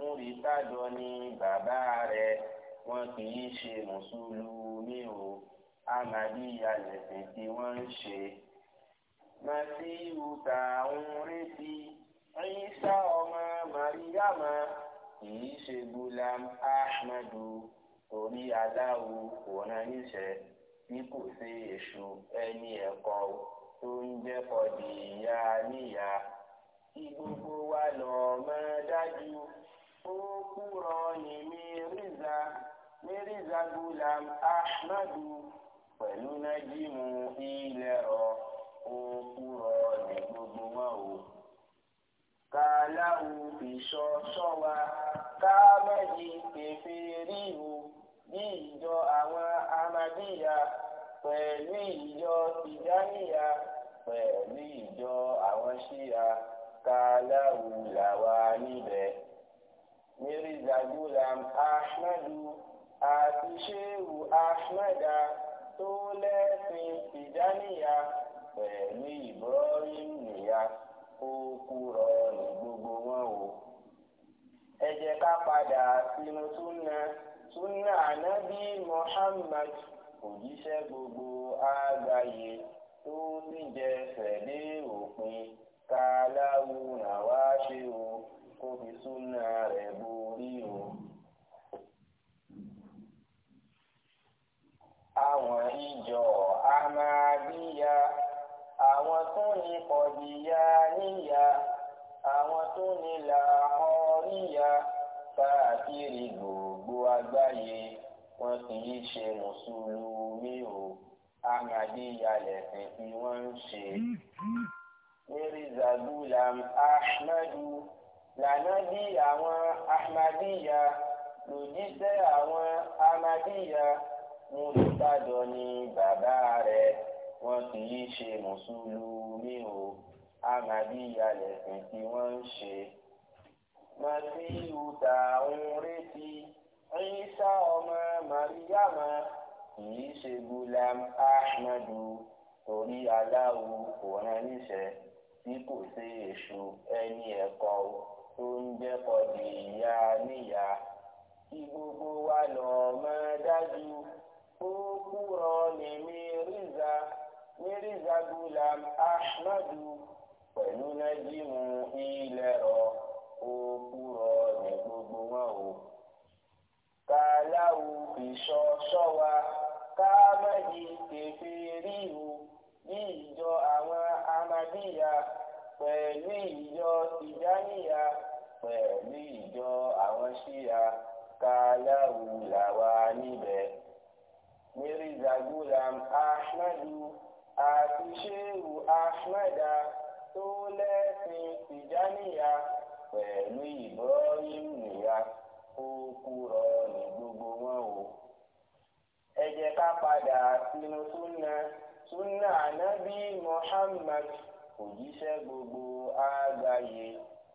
múri tájọ ni bàbá rẹ̀ wọn kì í ṣe mùsùlùmí o amadi lẹ̀sìn tí wọ́n ń ṣe. masiru tá à ń retí Ìsá ọmọ Màríyàmá kì í ṣe Gulam Ahmadu torí aláwo kò rán níṣẹ́ bí kò sí èṣù ẹni ẹ̀kọ́ tó ń jẹ́ kọ́dìyà níyà kí gbogbo wa lọ́ọ́ mọ́ dájú òkúrọ̀ ní mírízà mírízà gulam ahmadu pẹ̀lú nájímù ilẹ̀ ọ̀ òkúrọ̀ gbogbo wọn o. kàláwù ìṣọ́ sọ́wa káàmẹ́jì pèfè ríru ní ìjọ àwọn amadíyà pẹ̀lú ìjọ tìjáníyà pẹ̀lú ìjọ àwọn ṣíya kàláwù làwa níbẹ̀ mirza gulam ahmadu àti shehu ahmada tó lẹ́sìn tìjáníyà pẹ̀lú ibrahim nìyà ó kúrọ ní gbogbo wọn o. ẹ jẹ́ ká padà sínú súnà súnà ànábì muhammad òjíṣẹ́ gbogbo àgbáyé tó níjẹsẹ̀ dé òpin ká láwùrán wá ṣe o kó fi súnà rẹ̀ borí o. àwọn ìjọ Ahmadiyya àwọn tó ní kọ̀díyà níyà àwọn tó ní làhọ́ríyà káàkiri gbogbo àgbáyé wọn kì í ṣe mùsùlùmí o Ahmadiyya lẹ̀sìn tí wọ́n ṣe. Mm, mm. Mirza Ghulam Ahmadu lànà bí àwọn ahmadiyya lòjíṣẹ́ àwọn ahmadiyya múlùbàdàn ni bàbá rẹ̀ wọ́n kì í ṣe mùsùlùmí o ahmadiyya lẹ̀sìn tí wọ́n ń ṣe. masiu tá à ń retí Ìsá ọmọ màríyàmá kì í ṣe gulam ahmadu torí aláwo kò rán níṣẹ́ tí kò sí èṣù ẹni ẹ̀kọ́ o tó ń jẹ́ kọ̀dé ìyá níyà kí gbogbo wa lọ máa dájú ó kúrọ̀ ní mírízà mírízà gulam ahmadu pẹ̀lú nájímù ilẹ̀ rọ ó kúrọ̀ ní gbogbo wọn o. kàláwù ìṣọ́ṣọ́ wa ká má di kẹfẹ́ ríru ní ìjọ àwọn amadíyà pẹ̀lú ìjọ tìjáníyà pẹ̀lú ìjọ àwọn ṣíya káláwù làwà níbẹ̀. mirza gulam ahmadu àti sheu ahmada tó lẹ́sìn tìjáníyà pẹ̀lú ìbọ́yìn nìyà ó kúrọ ní gbogbo wọn o. ẹ jẹ́ ká padà sínú súnà súnà ànábì muhammad òjíṣẹ́ gbogbo àgbáyé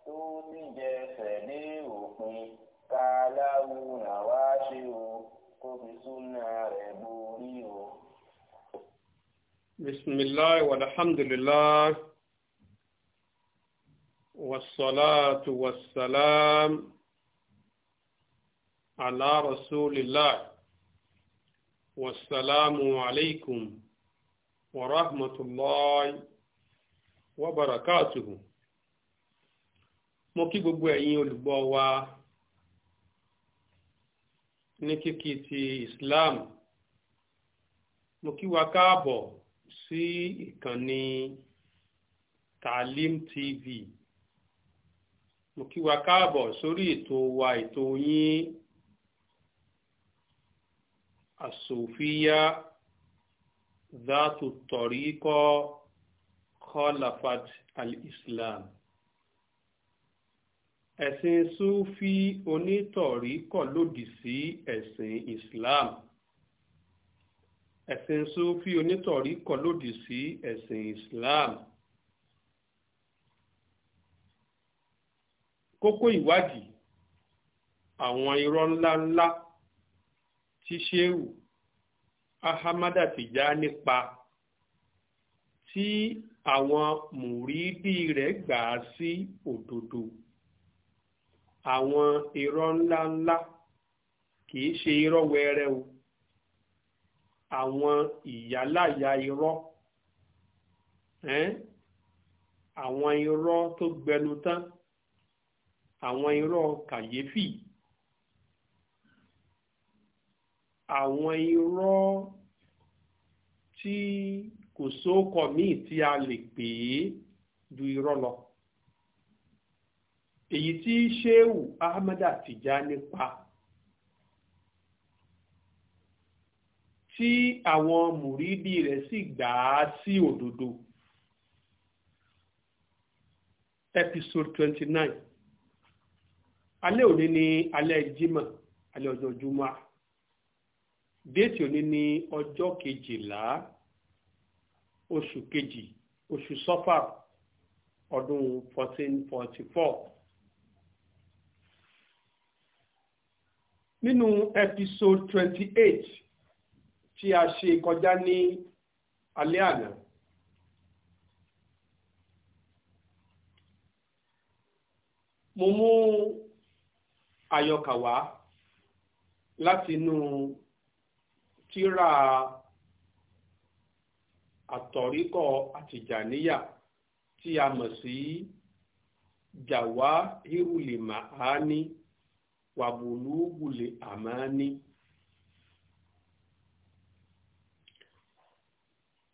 tó níjẹsẹ̀ dé òpin ká láwùrán wá ṣe o kó fi súnà rẹ̀ borí o. bisimilahi walhamdulilahi wasalaatu wasalaam ala rasulillah wasalaamu alaykum wa rahmatullahi wabarakatuhu mo kí gbogbo ẹ̀yin olùgbọ́ wa ní kíkí ti Islam mo kí wa káàbọ̀ sí ìkànnì Talim TV mo kí wa káàbọ̀ sórí ètò wa ètò yín asòfíà dátù tọ̀ríkọ́ khalafat al-islam ẹ̀sìn súfí onítọ̀rí kọ̀ lòdì sí ẹ̀sìn islam ẹ̀sìn súfí onítọ̀rí kọ̀ lòdì sí ẹ̀sìn islam kókó ìwádìí àwọn irọ́ ńláńlá tí sheu ahamada Tijani pa tí àwọn mùrídì rẹ̀ gbà á sí òdodo àwọn irọ́ ńláńlá kì í ṣe irọ́ wẹrẹ o àwọn ìyáláyà irọ́ àwọn irọ́ tó gbẹnu tán àwọn irọ́ kàyéfì àwọn irọ́ tí kò sóòkọ míì tí a lè pè é ju irọ́ lọ èyí tí Shehu Ahmada Tijani pa tí àwọn mùrídìí rẹ̀ sì gbà á sí òdodo episode twenty nine alẹ́ òní ni alẹ́ Jímọ̀ alẹ́ ọjọ́ Júmọ́ déètì òní ni ọjọ́ kejìlá oṣù kejì oṣù sọ́fà ọdún 1444. nínú episode 28 tí a ṣe kọjá ní alẹ́ àná. mo mú àyọkà wá látinú tírà àtọ̀ríkọ̀ àtìjàníyà tí a mọ̀ sí jawahirul maani wabulughul amani.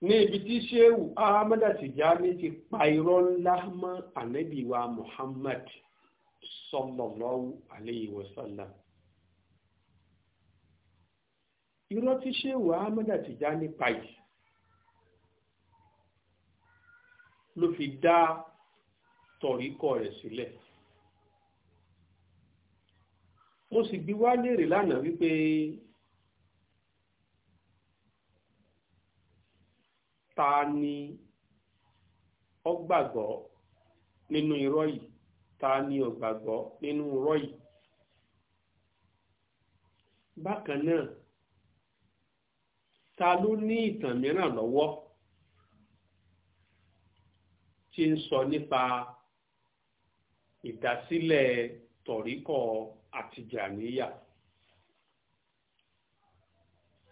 ní ibi tí sheu ahmed àtìjáni ti pa irọ́ ńlá mọ́ ànábì wa muhammad sallallahu alayhi wa sallam irọ́ tí sheu ahmed àtìjáni pa yìí ló fi dá tọ̀ríkọ̀ rẹ̀ sílẹ̀ mo sì bi wá léèrè lánàá wípé ta ni ó gbàgbọ́ nínú irọ́ yìí ta ni ó gbàgbọ́ nínú irọ́ yìí bákan náà ta ló ní ìtàn mìíràn lọ́wọ́ tí ń sọ nípa ìdásílẹ̀ tọ̀ríkọ̀ àtìjàníyà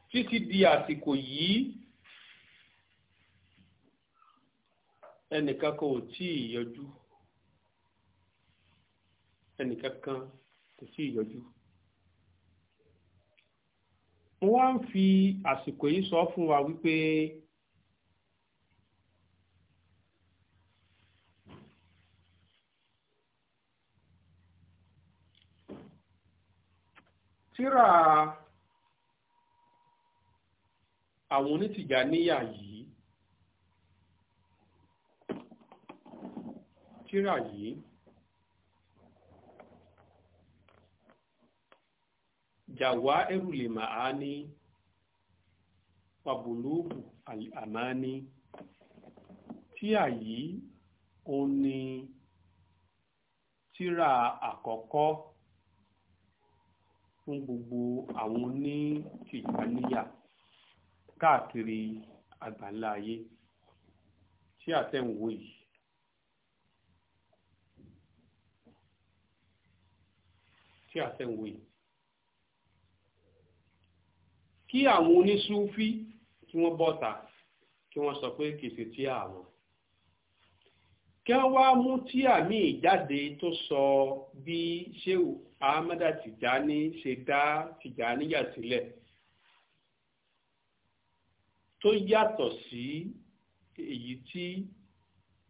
títí di àsìkò yìí ẹnìkan kan ò tí ì yọjú ẹnìkan kan kò tí ì yọjú mo wá ń fi àsìkò yìí sọ fún wa wípé. tíra àwọn onítìjà níyà yìí tíra yìí jàwá erùlè màá ní pàbùlùkù àmání tíra yìí ó ní tíra àkọ́kọ́ fún gbogbo àwọn oní tìjàníyà káàkiri àgbáńlá ayé tí àtẹ̀wò yìí. tí àtẹ̀wò yìí. kí àwọn onísúfí kí wọ́n bọ́ta kí wọ́n sọ pé kìí ṣe tí àwọn kí wọ́n wá mú tí àmì ìjáde tó sọ bí ṣéwù ahmada tijani ṣe dá tìjáníyà sílẹ̀ tó yàtọ̀ sí èyí tí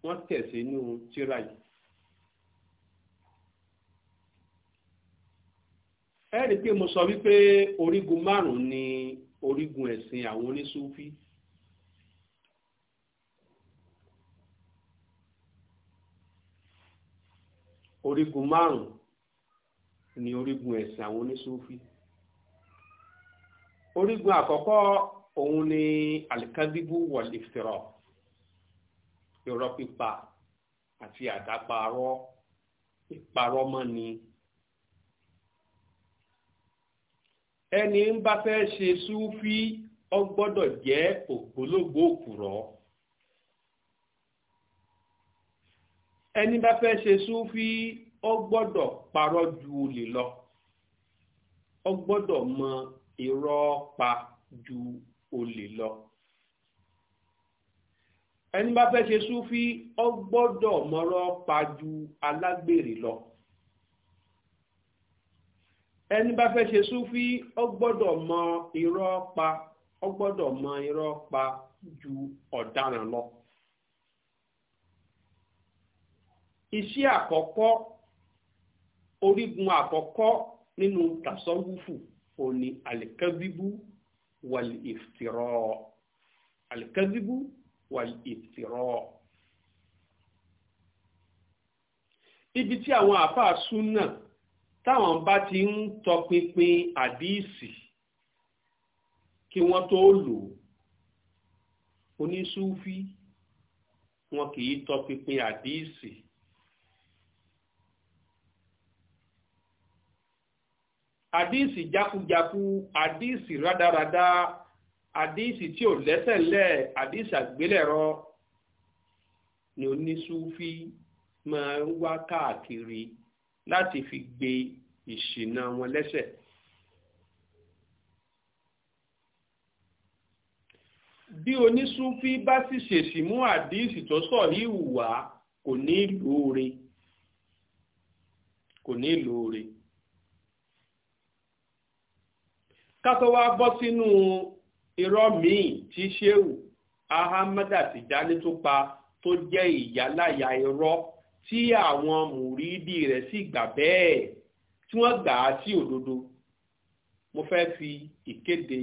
wọ́n tẹ̀ sínú tírà yìí. ẹ rí i pé mo sọ wípé orígun márùn-ún ni orígun ẹ̀sìn àwọn oníṣúfí. orígun márùn-ún ni orígun ẹ̀sìn àwọn oníṣòfì orígun àkọ́kọ́ òun ni alikadibu wọlifitiro irọ́ pípa àti àdáparọ́ ìparọ́mọ́ni ẹni ń bá fẹ́ ṣe súfì ó gbọ́dọ̀ jẹ́ ògbólógbò òkùrọ́ ẹni bá fẹ́ ṣe súfì ó gbọ́dọ̀ parọ́ ju olè lọ ó gbọ́dọ̀ mọ irọ́ pa ju olè lọ ẹni bá fẹ́ ṣe súfí ó gbọ́dọ̀ mọ̀rọ̀ pa ju alágbèrè lọ ẹni bá fẹ́ ṣe súfí ó mọ irọ́ pa ó mọ irọ́ pa ju ọ̀daràn lọ iṣẹ́ àkọ́kọ́ orígun àkọ́kọ́ nínú tasawufu òní alikẹ́bíbú wàlì ìfìrọ́ alikẹ́bíbú wàlì ìfìrọ́. ibi tí àwọn àfáà súnà táwọn bá ti ń tọpinpin àdíìsì kí wọ́n tó lò onísúfí wọn kì í tọpinpin àdíìsì àdíìsì jákújákú àdíìsì rádaràda àdíìsì tí ò lẹ́sẹ̀lẹ̀ àdíìsì àgbélẹ̀rọ ni onísúfí máa ń wá káàkiri láti fi gbé ìṣìnà wọn lẹ́sẹ̀. bí onísúfí bá sì ṣèṣì mú àdíìsì tó sọ yìí wá kò ní lóore kò ní lóore. ká tó wá bọ́ sínú irọ́ míì tí Shehu Ahamada Tijani tó pa tó jẹ́ ìyáláyà irọ́ tí àwọn mùrídìí rẹ̀ sì gbà bẹ́ẹ̀ tí wọ́n gbà á sí òdodo mo fẹ́ fi ìkéde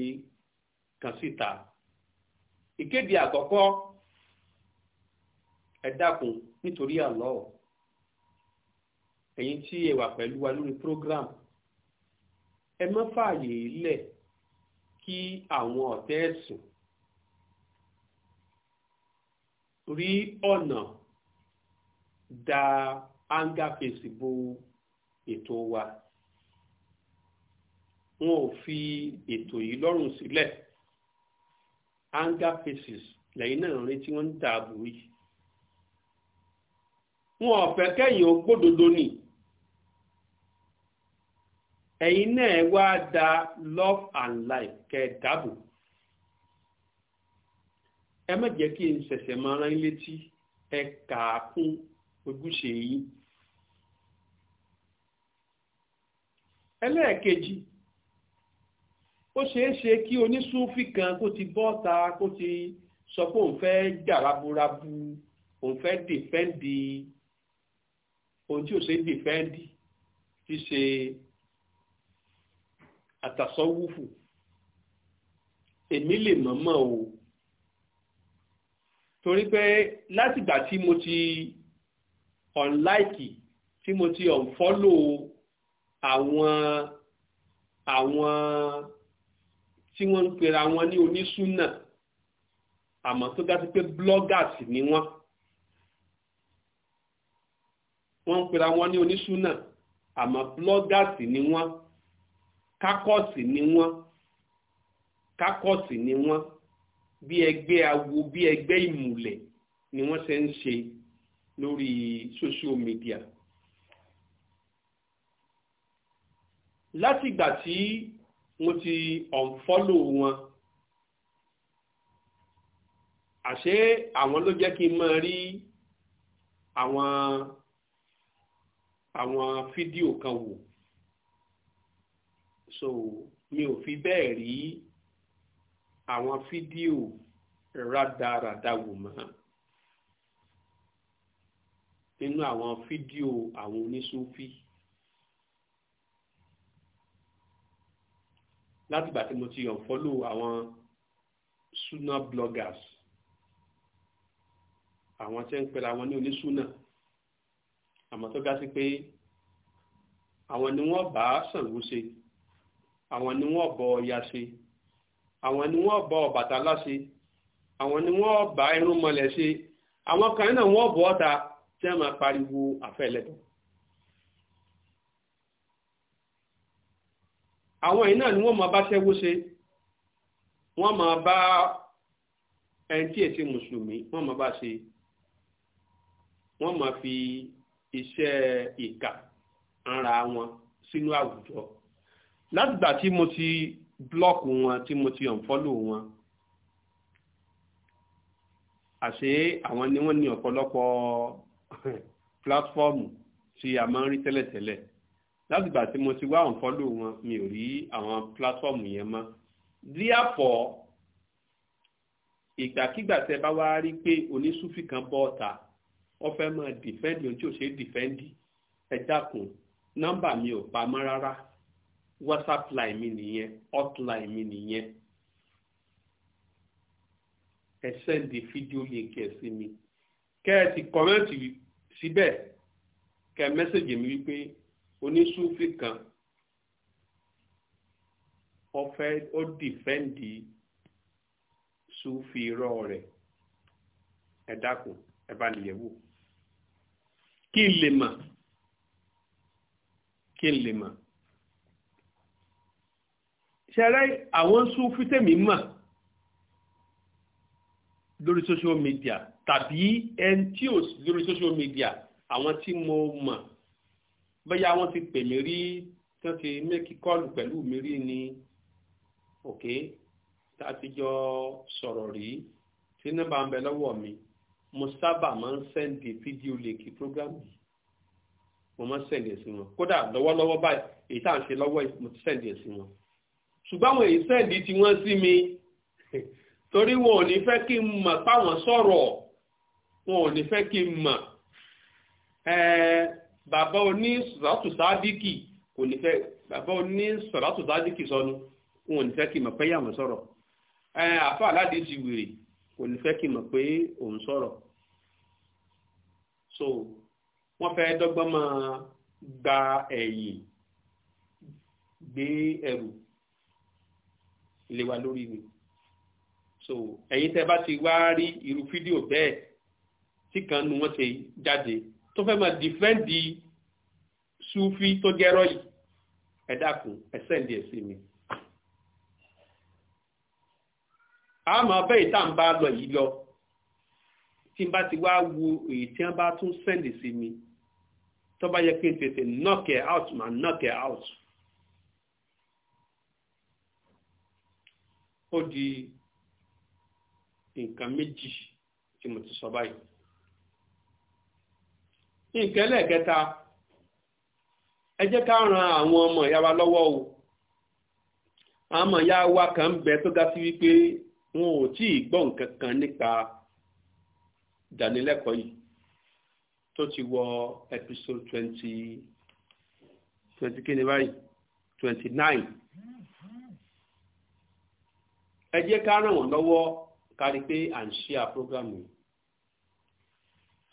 kan síta ìkéde àkọ́kọ́ ẹ dákun nítorí àlọ́ ẹ̀yin tí ẹ wà pẹ̀lú wa lórí program ẹ má fààyè lẹ̀ kí àwọn ọ̀tẹ̀ ẹ̀sìn rí ọ̀nà da anger face bo ètò wa wọn ò fi ètò yìí lọ́rùn sílẹ̀ anger faces lẹ́yìn náà rí tí wọ́n ń dààbò yìí wọn ò fẹ́ kẹ́yìn ó gbódodo nìí ẹ̀yin náà wá da love and life kẹ́ dáàbò ẹ má jẹ́ kí n ṣẹ̀ṣẹ̀ máa rán létí ẹ kà á kún ojúṣe yìí. ẹlẹ́ẹ̀kejì ó ṣeé ṣe kí onísúnfì kan kó ti bọ́ta kó ti sọ pé òun fẹ́ jà raburabu òun fẹ́ dìfẹ́ǹdì ohun tí ò ṣe dìfẹ́ǹdì ti ṣe àtàsọ́wúfù èmi lè mọ̀mọ́ o torí pé látìgbà tí mo ti unlike tí mo ti unfollow àwọn àwọn tí wọ́n ń pera wọn ní onísúnà àmọ́ tó dá sí pé bloggers ni wọ́n wọ́n ń pera wọn ní onísúnà àmọ́ bloggers ni wọ́n kákọ́ọ̀sì ni wọ́n kákọ́ọ̀sì ni wọ́n bí ẹgbẹ́ awo bí ẹgbẹ́ ìmùlẹ̀ ni wọ́n ṣe ń ṣe lórí social media. látìgbà tí mo ti ọ̀nfọ́lò wọn àṣé àwọn ló jẹ́ kí n máa rí àwọn àwọn fídíò kan wò so mi ò fi bẹ́ẹ̀ rí àwọn fídíò rádaràda wò mọ́ nínú àwọn fídíò àwọn oníṣòfì látìgbà tí mo ti unfollow àwọn suna bloggers àwọn tí ń pera wọn ní onísúnà àmọ́ tó gá sí pé àwọn ni wọ́n bá Ṣàngó ṣe àwọn ni wọ́n bọ Ọya ṣe àwọn ni wọ́n bọ Ọbàtálá ṣe àwọn ni wọ́n bá irúnmọlẹ̀ ṣe àwọn kan náà wọ́n bọ Ọ̀tà tí wọ́n máa pariwo àfẹ́lẹ́tọ̀. àwọn yìí náà ni wọ́n máa bá ṣẹ́wó ṣe wọ́n máa bá ẹni tí èsì mùsùlùmí wọ́n máa bá ṣe wọ́n máa fi iṣẹ́ ìkà ara wọn sínú àwùjọ látìgbà tí mo ti blọ́ọ̀kù wọn tí mo ti ọ̀nfọ́lò wọn àṣé àwọn ni wọ́n ní ọ̀pọ̀lọpọ̀ pílátífọ́ọ̀mù tí a máa ń rí tẹ́lẹ̀tẹ́lẹ̀ látìgbà tí mo ti wá ọ̀nfọ́lò wọn mi ò rí àwọn pílátífọ́ọ̀mù yẹn mọ́ díàpọ̀ ìgbàkígbà tẹ bá wá rí pé onísúfì kan bọ́ ọ̀ta wọ́n fẹ́ máa dìfẹ́ǹdì ohun tí ò ṣe é nọ́mbà mi ò pamọ́ rárá whatsapp line mi nìyẹn hotline mi nìyẹn ẹ sẹ́ndì fídíò link ẹ̀ sí mi kẹ́ ẹ ti kọ́mẹ́ǹtì síbẹ̀ kẹ́ ẹ mẹ́sẹ̀gì mi wípé oníṣúfì kan ọfẹ́ ó dìfẹ́ǹdì ṣúfì irọ́ rẹ̀ ẹ dákun ẹ bá nìyẹn wò kí n lè mọ̀ kí n lè mọ̀ ṣẹlẹ̀ àwọn Súfí tèmi mà lórí social media tàbí ẹni tí ò sí lórí social media àwọn tí mo mọ̀ bóyá wọ́n ti pè mí rí tí wọ́n ti mẹ́kì kọ́ọ̀lù pẹ̀lú mi rí ni òkè tá a ti jọ sọ̀rọ̀ rí tí nọ́mbà ń bẹ lọ́wọ́ mi mo sábà máa ń sẹ́ndì fídíò lèkì prógrámù yìí mo máa ń sẹ́ndì ẹ̀ sí wọn kódà lọ́wọ́lọ́wọ́ báyìí èyí tá à ń ṣe lọ́wọ́ mo ti sẹ́ndì ẹ̀ sí wọn ṣùgbọ́n àwọn èyí sẹ́ẹ̀dì tí wọ́n sí mi torí wọn ò ní fẹ́ kí n mọ̀ páwọn sọ̀rọ̀ wọn ò ní fẹ́ kí n mọ̀ bàbá oní sọ̀rọ̀tù sádìkì kò ní fẹ́ bàbá oní sọ̀rọ̀tù sádìkì sọnù wọn ò ní fẹ́ kí n mọ̀ pé yàwọn sọ̀rọ̀ àfa aládé ti wèrè kò ní fẹ́ kí n mọ̀ pé òun sọ̀rọ̀ so wọ́n fẹ́ dọ́gbọ́n máa gba ẹ̀yìn gbé ẹrù ilé wa lórí ni so ẹ̀yin tẹ́ bá ti wá rí irú fídíò bẹ́ẹ̀ tí kan nu wọ́n ṣe jáde tó fẹ́ máa dìfẹ́ǹdì sufi tó jẹ́rọ yìí ẹ dákun ẹ sẹ́ǹdì ẹ̀ sí mi. a máa bẹ́ẹ̀ tá à ń bá lọ yìí lọ tí n bá ti wá wo èyí tí wọ́n bá tún sẹ́ǹdì sí mi tó bá yẹ kí n tètè knock it out mà knock it out. ó di nǹkan méjì tí mo ti sọ báyìí nǹkan ẹlẹ́ẹ̀kẹta ẹ jẹ́ ká ran àwọn ọmọ wa lọ́wọ́ o àwọn ọmọ ìyá wa kan ń bẹ ga sí wípé wọn ò tí ì gbọ́ nǹkan kan nípa tó ti wọ episode twenty twenty kí ẹ jẹ́ ká ràn wọ́n lọ́wọ́ kárí pé à ń ṣe àpógrámù yìí.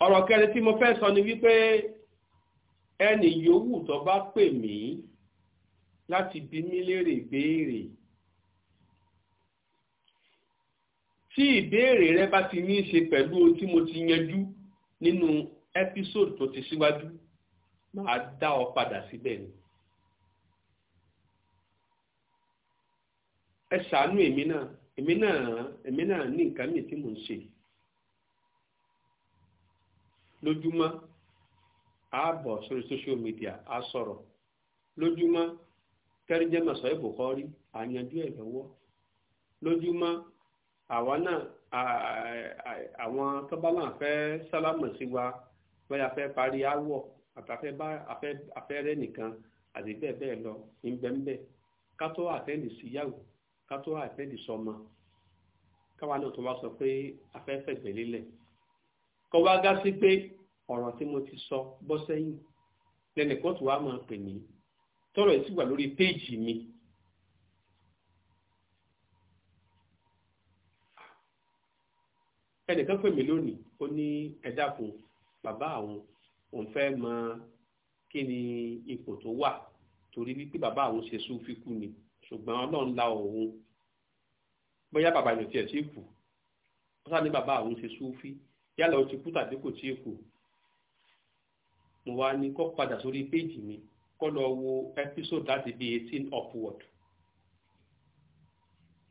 ọ̀rọ̀ kẹrin tí mo fẹ́ sọ ni wípé ẹnì yòówù tó bá pè mí láti bi mí léèrè ìbéèrè tí ìbéèrè rẹ bá ti ní í ṣe pẹ̀lú ohun tí mo ti yanjú nínú ẹ́písòdù tó ti síwájú máa dá ọ padà síbẹ̀ ni. ẹ ṣàánú èmi náà èmi náà èmi náà ní nǹkan mìíràn tí mò ń ṣe lójúmọ́ ààbọ̀ sórí social media á sọ̀rọ̀ lójúmọ́ tẹ́rìndẹ́mọ̀ sọ ìbùkọ́rí àyànjú ẹ̀ lọ́wọ́ lójúmọ́ àwa náà àwọn tó bá náà fẹ́ sálámù sí wa bóyá fẹ́ parí áwọ̀ àtàfẹ́ bá afẹ́rẹ́ nìkan àti bẹ́ẹ̀ bẹ́ẹ̀ lọ ń bẹ́ẹ̀ bẹ́ẹ̀ ká tó àtẹ́ǹdì síyàwó ká tó àtẹ́ẹ̀dì sọmọ káwa náà tó bá sọ pé afẹ́fẹ́ gbẹ̀lélẹ̀ kọ́ wá gá sí pé ọ̀rọ̀ tí mo ti sọ bọ́ sẹ́yìn lẹ́nu kóòtù wa máa pè mí tọ́rọ̀ yìí sì wà lórí péèjì mi. ẹnìkan pè mí lónìí ó ní ẹ dákun bàbá àwọn òun fẹ́ mọ kí ni ipò tó wà torí wípé bàbá àwọn ṣe sùn fíkú ni ṣùgbọ́n ọlọ́run la òun bóyá bàbá ìlú tiẹ̀ tí kù ó sáà ní bàbá òun ṣe súfí yálà ó ti kú tàbí kò tí kù mo wá ní kó padà sórí péjì mi kó lọ wo episode láti bíi eighteen upward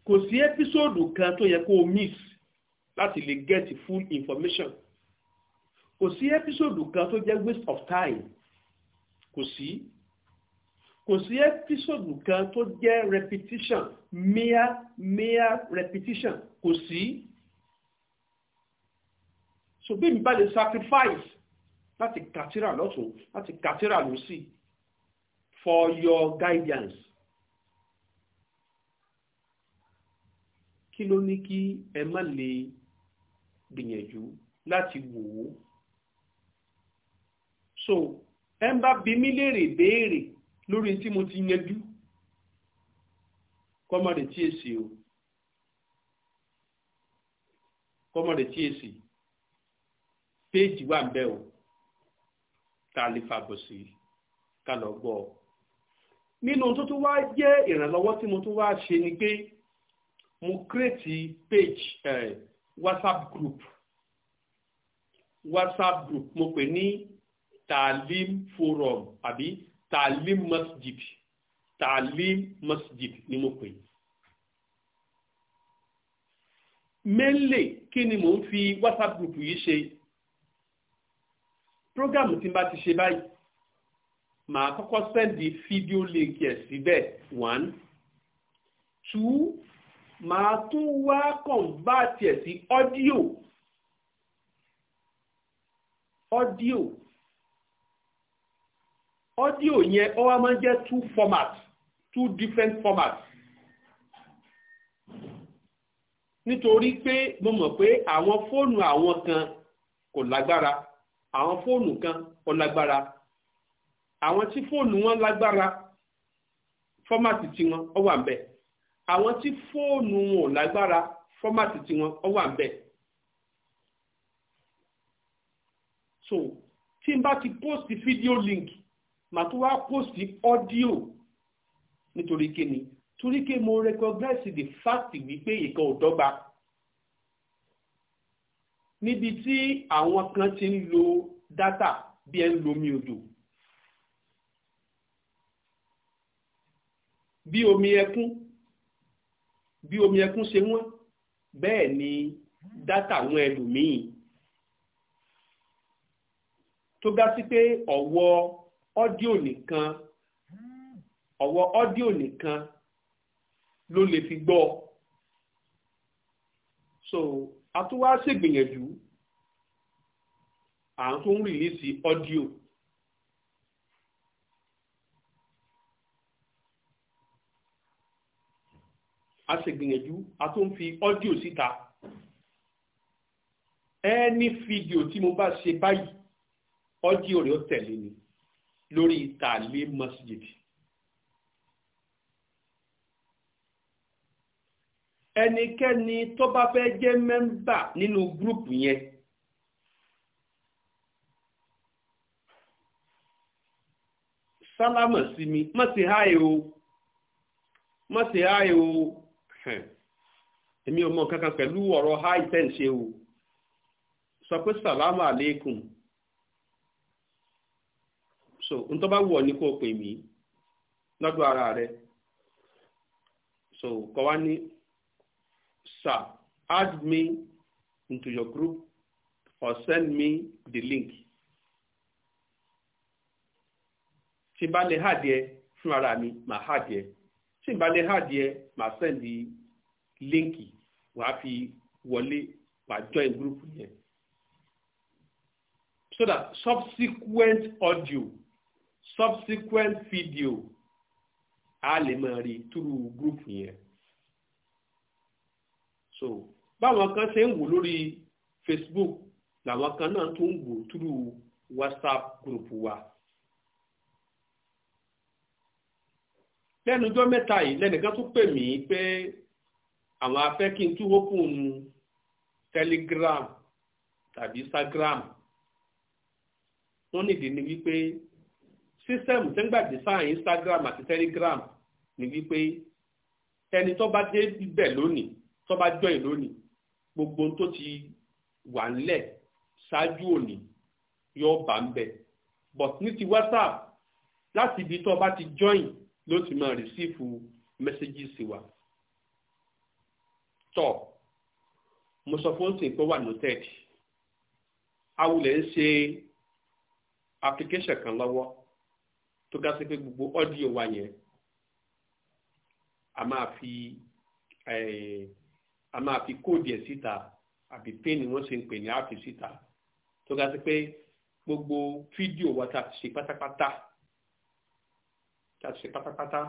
kò sí episode kan tó yẹ kó o miss láti lè get full information kò sí episode kan tó jẹ́ waste of time kò sí kò sí ẹ́písòdù kan tó jẹ́ repetition mere mere repetition kò sí so bí mi bá lè sacrifice láti kàtírà lọ́tún láti kàtírà lọ́sì for your guidance kí ló ní kí ẹ má lè gbìyànjú láti wò ó so ẹ ń bá bi mí léèrè béèrè lórí tí mo ti yanjú kọ́mọ̀dé tí èsì o kọ́mọ̀dé tí èsì péèjì wà ń bẹ̀ o ká lè fàbọ̀ sí ká lọ gbọ́ ọ. nínú tó tún wá jẹ́ ìrànlọ́wọ́ tí mo tún wá ṣe ni pé mo kírètì page whatsapp group whatsapp group mo pè ní talim forum àbí taalim masjid taalim masjid ni mo pè é mainly kí fi whatsapp group yìí ṣe program tí n bá ti ṣe báyìí màá kọ́kọ́ sẹ́ndì fídíò link ẹ̀ síbẹ̀ one two màá tún wá convert ẹ̀ sí audio audio audio yẹn ó wá máa ń two formats two different formats nítorí pé mo mọ̀ pé àwọn fóònù àwọn kan kò lágbára àwọn fóònù kan kò lágbára àwọn tí fóònù wọn lágbára fọ́màtì tiwọn ó wà ń bẹ̀ àwọn tí fóònù wọn ò lágbára fọ́màtì tiwọn ó wà ń so tí n bá ti post fídíò link màá tún wá post ọ́díò nítorí kíni torí pé mo recognize the fact wípé ìkan ò dọ́gba níbi tí àwọn kan ti ń lo data bí ẹ ń lo omi odò bí omi ẹkún bí omi ẹkún ṣe wọ́n bẹ́ẹ̀ ni dátà wọn ẹlòmíì tó dá sí pé ọ̀wọ́ ọ́díò nìkan ọ̀wọ́ ọ́díò nìkan ló lè fi gbọ́ so a tún wá ṣègbìyànjú à ń tún rìlíìsì ọ́díò. a ṣègbìyànjú a tún fi ọ́díò síta ẹni fídíò tí mo bá ṣe báyìí ọ́díò rẹ̀ ó tẹ̀lé ni lórí tàlí masjid ẹnikẹ́ni tó bá fẹ́ jẹ́ mẹ́mbà nínú gúrùpù yẹn sálámà sí mi má ti háì o má ti háì o èmi ò mọ kankan pẹ̀lú ọ̀rọ̀ háì tẹ̀ ń ṣe o sọ pé sàlámà aleikum so n tó bá wù ọ́ ní kó pè mí lọ́dọ̀ ara rẹ so kọ́ wá ní sir add me into your group or send me the link tí n bá lè hàdìẹ fún ara mi màá hàdìẹ tí n bá lè hàdìẹ màá sẹ́ndì líǹkì wàá fi wọlé wàá join group yẹn so that subsequent audio subsequent video a lè máa rí túrú group yẹn so báwọn kan ṣe ń wò lórí Facebook làwọn kan náà tún ń wò túrú WhatsApp group wa. lẹ́nujọ́ mẹ́ta yìí lẹ́nìkan tún pè mí pé àwọn afẹ́ kí n tún open Telegram tàbí Instagram wọ́n nídìí ni wípé System, tó ń gbà design Instagram àti Telegram ni wípé ẹni tó bá dé ibẹ̀ lónìí tó bá join ì lónìí gbogbo tó ti wà ńlẹ̀ ṣáájú òní yóò bá ń bẹ̀ but ní ti WhatsApp láti ibi tó bá ti join ló ti máa rìsífù messages sí wa tọ́ mo sọ fún òsìn pé wà noted awulẹ̀ ń ṣe application kan lọ́wọ́ tó ga sí pé gbogbo ọ́díò wa yẹn a máa fi a máa fi kóòdì ẹ̀ síta àbí pé ni wọ́n ṣe ń pè ní àfi síta tó ga sí pé gbogbo fídíò wa ta ti ṣe pátápátá ta ti ṣe pátápátá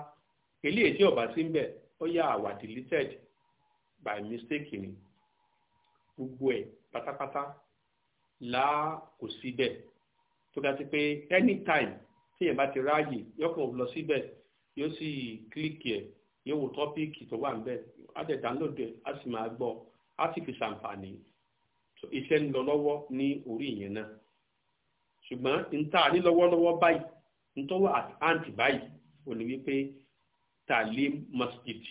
eléyìí tí ọba sí ń bẹ ó yà àwà deleted by mistake ni gbogbo ẹ̀ pátápátá là kò síbẹ̀ tó ga sí pé anytime tí èèyàn bá ti ráàyè yọkàn lọ síbẹ̀ yóò sì kílíkì ẹ̀ yóò wo tọ́píìkì tó wà níbẹ̀ á tẹ̀ dánlódù ẹ̀ á sì máa gbọ́ á sì fi ṣàǹfààní iṣẹ́ ń lọ lọ́wọ́ ní orí ìyẹn náà ṣùgbọ́n n tá ní lọ́wọ́lọ́wọ́ báyìí n tó wà àǹtí báyìí ò ní wípé talim masjid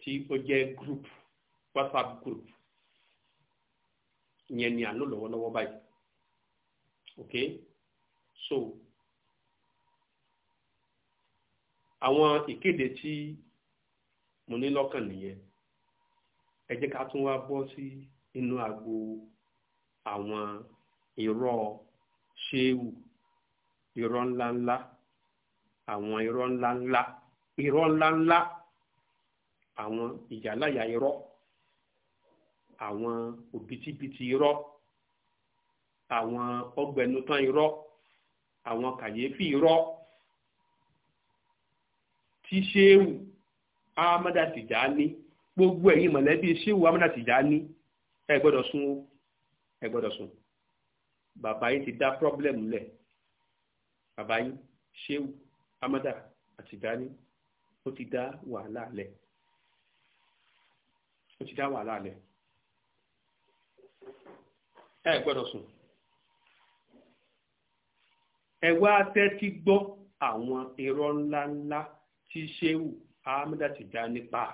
tí ó jẹ́ group whatsapp group ìyẹn ni à ń lò lọ́wọ́lọ́wọ́ báyìí okay so àwọn ìkéde tí mo ní lọ́kàn nìyẹn ẹ jẹ́ ká tún wá bọ́ sí inú agbo àwọn irọ́ ṣéwù irọ́ ńláńlá àwọn irọ́ ńláńlá irọ́ ńláńlá àwọn ìyàláyà irọ́ àwọn òbítíbitì irọ́ àwọn ọgbẹ̀nután irọ́ àwọn kàyéfì irọ́ tí ṣéwù Ahmada Tijani gbogbo ẹ̀yin mọ̀lẹ́bí ṣéwù Ahmada Tijani ẹ gbọ́dọ̀ sùn o ẹ gbọ́dọ̀ sùn bàbá yín ti dá pọ́blẹ́mù lẹ̀ bàbá yín ṣéwù Ahmada Tijani ó ti dá wàhálà lẹ̀ ó ti dá wàhálà lẹ̀ ẹ gbọ́dọ̀ sùn ẹ wá tẹ́tí gbọ́ àwọn irọ́ ńláńlá tí Shehu Ahmadu Tijani pa.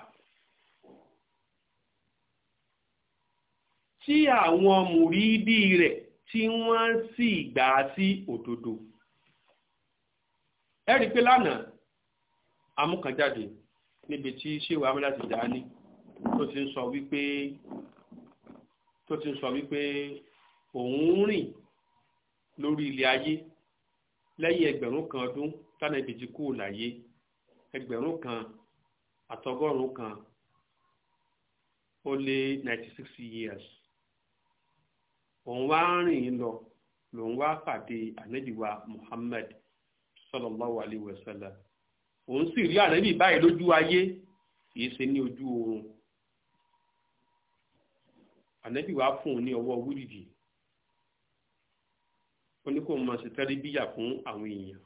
tí àwọn mùrídì rẹ̀ tí wọ́n sì gbà sí òdodo. ẹ rí i pé lánàá amúkànjáde níbi tí Shehu Ahmadu Tijani tó ti ń sọ wípé tó ti ń sọ wípé òun ń rìn lórí ilé ayé lẹ́yìn ẹgbẹ̀rún kan ọdún tánàbì ti kú láyé ẹgbẹ̀rún kan àtọgọ́rùn kan ó lé ninety six years òun wá rìn lọ lòun wá pàdé ànábìwá Muhammad sallallahu alayhi wa sallam òun sì rí ànábì báyìí lójú ayé kìí ṣe ní ojú oorun ànábìwá fún un ní ọwọ́ wúrìdì ó ní kó máa ṣe tẹ́rìbíyà fún àwọn èèyàn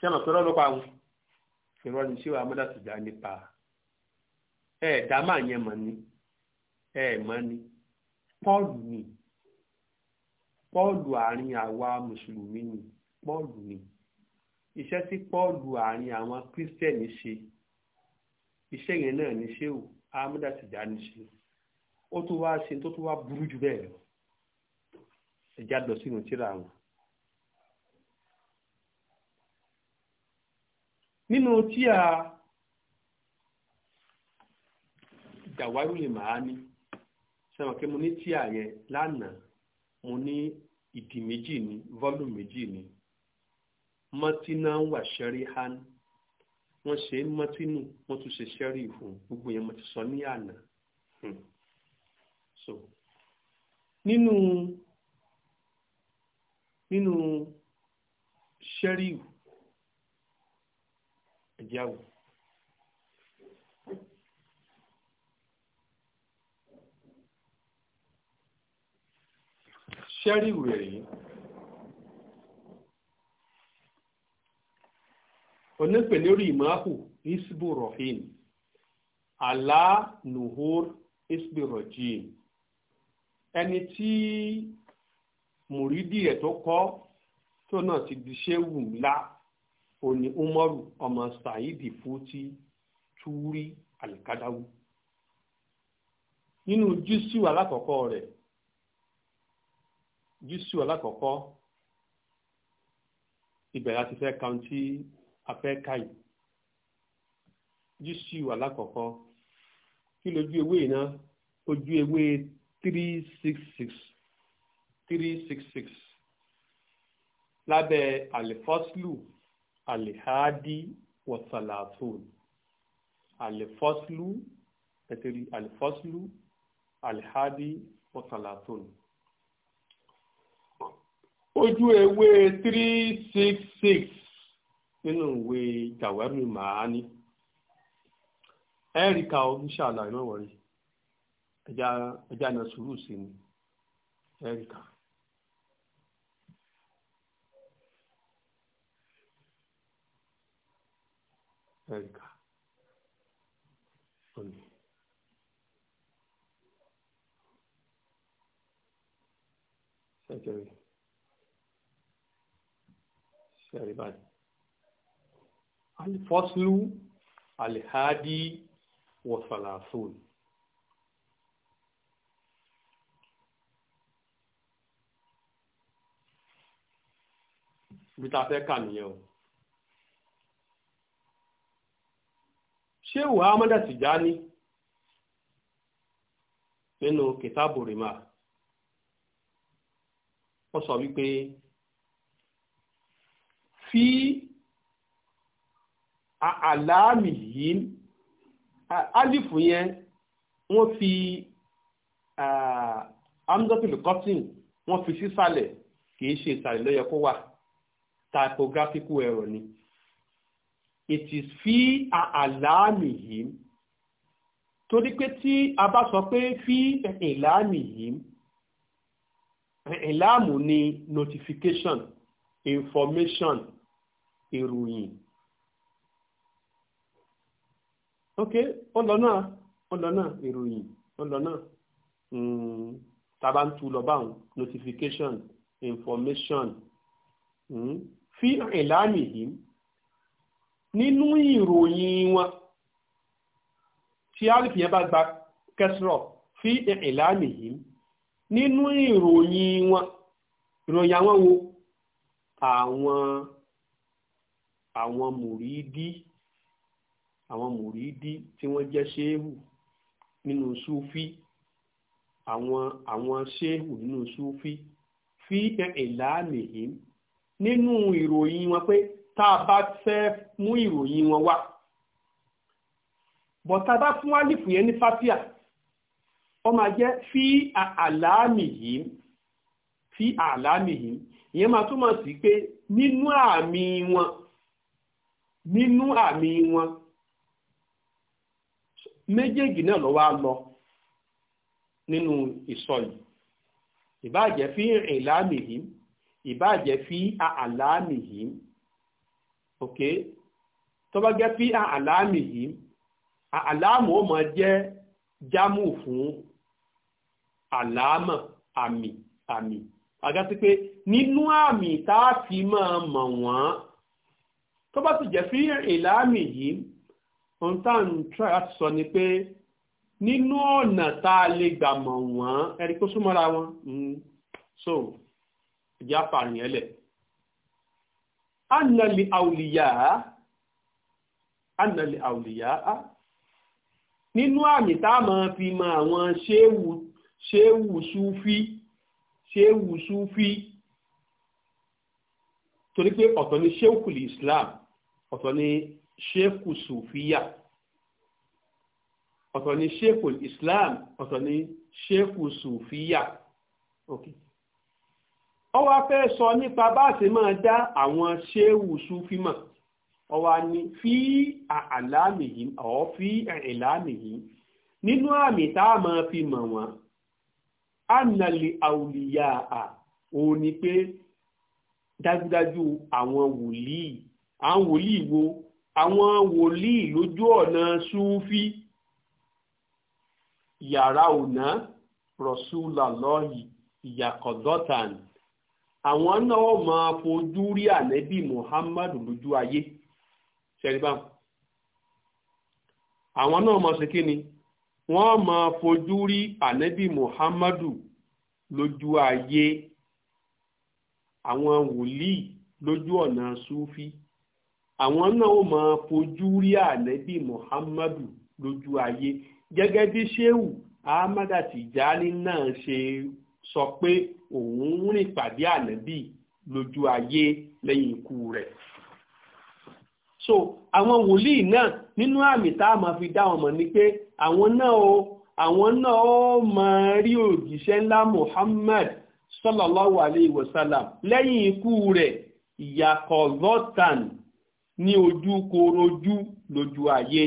ṣé àwọn pẹ̀lú ọlọ́pàá wọn ìrọ̀ ní ṣíwá amọ́dá dá nípa ẹ̀ dá yẹn mọ̀ ni ẹ̀ mọ̀ ni pọ́ọ̀lù ni pọ́ọ̀lù àárín àwa mùsùlùmí ni pọ́ọ̀lù ni iṣẹ́ tí pọ́ọ̀lù àárín àwọn kírísítẹ̀nì ṣe iṣẹ́ yẹn náà ní ṣéwù amúdàtìjà ní ṣe ó tún wá ṣe tó tún wá burú jù bẹ́ẹ̀ lọ ẹjá lọ sínú tíra wọn. nínú tíra Jawahirul Ma'ani sẹ́wọ̀n pé mo ní tíra yẹn lánàá mo ní ìdí méjì ní vọ́lù méjì ní mọ́tínà wà ṣẹ́rí hánú wọ́n ṣe mọ́tínù wọ́n tún ṣe ṣẹ́rí fún gbogbo yẹn mo ti sọ ní àná. Hmm. so nínú nínú ṣẹ́ríù ẹ̀jáwò. ṣẹ́ríù rẹ̀ yìí onípe lórí ìmáàhù isbu rahim alá nuhur isbu rajim ẹni tí mùrídì ẹ̀ tó kọ́ tó náà ti di ṣéwù ńlá òní umaru ọmọ saidi fúti túrí alikadawu nínú jísù alákọ̀ọ́kọ́ rẹ̀ jísù alákọ̀ọ́kọ́ ìbẹ̀rẹ̀ àti fẹ́ kan tí a fẹ́ ká yìí jísù alákọ̀ọ́kọ́ kí lójú ewé iná ojú ewé three six six three six six lábẹ́ alifọ́sílù alihadi wasalatun alifọ́sílù ẹ̀tẹ̀rí alifọ́sílù alihadi wasalatun. ojú ewé three six six nínú ìwé jàwẹ́rù màání ẹ̀ríkà oníṣàlàyé náà wọ̀rí ẹja ẹja náà sùúrù sí ni ẹ̀ríkà. ẹ̀ríkà òní. Sẹ́kẹ̀rì sẹ́rí báyìí. Alifọ́sílù Alihadi Wọ̀sàlàsóòlù. Bí ta fẹ́ kà nìyẹn o. ṣéwù ahmed tijani nínú kìtàbù rìmà wọ́n sọ wípé fi àlàámì yìí alifu yẹn wọ́n fi amdọ́tìlù cotton wọ́n fi sísàlẹ̀ kìí ṣe ìsàlẹ̀ ló yẹ kó wà typographical error ni it is fi àlàámì yìí torí pé tí a bá sọ pé fi ìlàámì yìí ìlàámù ni notification information ìròyìn ok ọlọ náà ọlọ náà ìròyìn ọlọ náà hmm, tàbá ń tu lọ báwọn notification information hmm, fi ìlàámì yìí nínú ìròyìn wọn tí alif yẹn bá gba kẹsìrọ̀ fi ìlà nìyí nínú ìròyìn wọn ìròyìn àwọn wo àwọn àwọn mùrídí àwọn mùrídí tí wọ́n jẹ́ ṣéhù nínú súfí àwọn àwọn ṣéhù nínú súfí fi ìlà nìyí nínú ìròyìn wọn pé tá a bá fẹ́ mú ìròyìn wọn wá bọ̀tá bá fún alifu yẹn ní fatia ó máa jẹ́ fi àlàámì yìí fi àlàámì yìí ìyẹn máa túmọ̀ sí pé nínú àmì wọn nínú àmì wọn méjèèjì náà ló wá lọ nínú ìsọ yìí ìbáàjẹ́ fi ìlàámì yìí ìbáàjẹ́ fi àlàámì yìí okay tó bá jẹ́ pí àlámì yìí àlámù ó máa jẹ́ jámù fún àlámà àmì àmì àgásí pé nínú àmì tá a fi máa mọ̀ wọ́n tó bá sì jẹ́ fí yìí ohun tá à ń tọ́ sọ ni pé nínú ọ̀nà tá a lè gbà mọ̀ ẹni kó súnmọ́ra wọn hmm. so ìjà pààyàn lẹ̀. li awliya ànàlẹ àwùlìyá á nínú àmì tá a máa fi mọ àwọn ṣéwù ṣéwù súfí ṣéwù súfí torí pé ọ̀tọ̀ ni ṣéwùkùlì Islam ọ̀tọ̀ ni ṣéwùkù sùfíyà ọ̀tọ̀ ni ṣéwùkùlì Islam ọ̀tọ̀ ni ṣéwùkù sùfíyà okay ó wá fẹ́ sọ nípa bá a ṣe máa dá àwọn ṣéwù súfí mọ̀ ọwọ́ ni fí àlámì yìí ọ̀ fí ẹ̀lámì yìí nínú àmì tá a máa fi mọ̀ wọ́n ànàlè àwùlíyà à òun ni pé dájúdájú àwọn wòlíì àwọn wòlíì wo àwọn wòlíì lójú ọ̀nà súfí yàrá òná rọ̀ṣúlàlọ́yì ìyàkọ̀dọ́tàn àwọn náà máa fojú rí ànẹ́bí Muhammadu lójú ayé ṣẹ̀rìbám àwọn náà mọ̀ sí kíni wọ́n máa fojú rí ànábì muhammadu lójú ayé àwọn wòlíì lójú ọ̀nà súfí àwọn náà ó máa fojú rí ànábì muhammadu lójú ayé gẹ́gẹ́ bí sheu ahmad tijani náà ṣe sọ pé òun ń rìn pàdé ànábì lójú ayé lẹ́yìn ikú rẹ̀. so àwọn wòlíì náà nínú àmì tá a máa fi dá wọn mọ̀ ni pé àwọn náà o àwọn náà ó máa rí Muhammad sallallahu alayhi wa sallam lẹ́yìn ikú rẹ̀ ìyàkọ̀ lọ́tàn ní ojú korojú lójú ayé.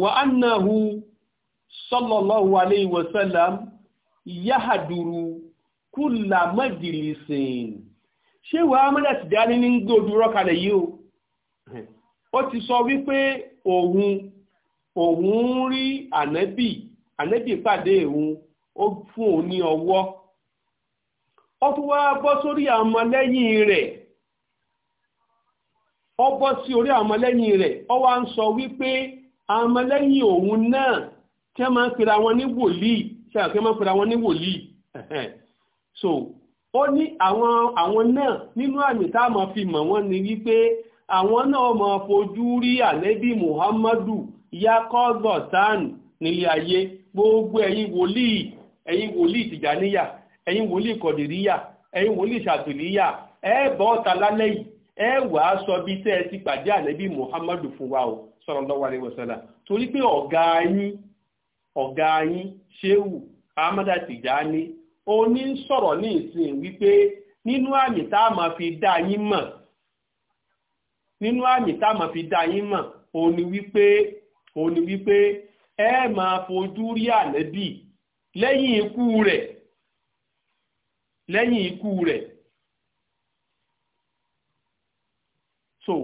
wa annahu sallallahu alayhi wa sallam kula mọ́jìlìsìn ṣé ìwà amọ́dà ti dání ní gbòdúrọ́ kalẹ̀ yìí o ó ti sọ wípé òun òun rí ànẹ́bì ànẹ́bì pàdé òun ó fún òun ní ọwọ́ ó tún wá bọ́ sórí àmọ́lẹ́yìn rẹ̀ ó bọ́ sí orí àmọ́lẹ́yìn rẹ̀ ó wá ń sọ wípé àmọ́lẹ́yìn òun náà tí wọ́n máa ń pera wọn ní so ó ní àwọn àwọn náà nínú àmì tá a máa fi mọ̀ wọ́n ni wípé àwọn náà máa fojú rí ànábì muhammadu yakọ́dọ̀ tán nílé ayé gbogbo ẹ̀yin wòlíì ẹ̀yin wòlíì tìjàníyà ẹ̀yin wòlíì kọ̀dìríyà ẹ̀yin wòlíì ṣàtìlíyà ẹ bọ́ ọ̀tá lálẹ́ yìí ẹ wà sọ bí tẹ́ ẹ ti pàdé muhammadu fún wa o sallallahu alaihi wasallam torí pé ọ̀gá yín ọ̀gá yín ṣéwù ahmadu oní ń sọ̀rọ̀ ní ìsìn wípé nínú àmì tá a máa fi dá yín mọ̀ nínú àmì tá a máa fi dá yín mọ̀ òun ni wípé wípé ẹ so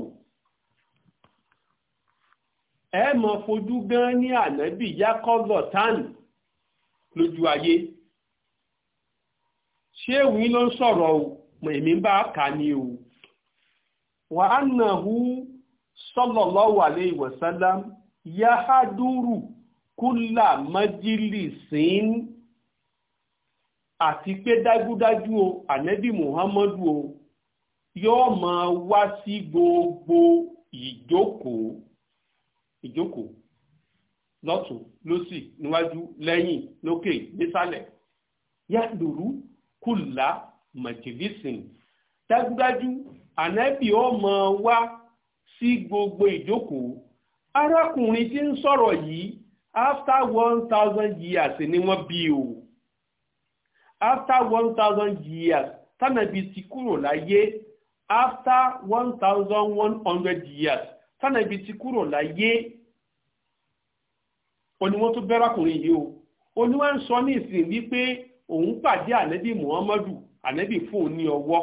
ẹ máa fojú gan ní ṣé èwì ló ń sọ̀rọ̀ o mọ̀ èmi bá kà ní o wà á nà hú sallallahu alayhi wa sallam yahaduru kúlà májílìsín àti pé dájúdájú o ànẹ́bí muhammadu o yóò máa wá sí gbogbo ìjókòó ìjókòó lọ́tún lọ́sì níwájú lẹ́yìn lókè nísàlẹ̀ yá lòrú kula màjèlísìn dájúdájú ànábì ó wa wá sí gbogbo ìjókòó arákùnrin tí ń sọ̀rọ̀ yìí after one thousand years ni wọ́n bí o after one thousand years tánàbí ti kúrò láyé after one thousand one hundred years tánàbí ti kúrò láyé oníwọ́n tó bẹ́rákùnrin yìí o oníwọ́n ń sọ ní ìsìn wípé òun pàdé ànẹ́bí muhammadu ànẹ́bí fún òun ní ọwọ́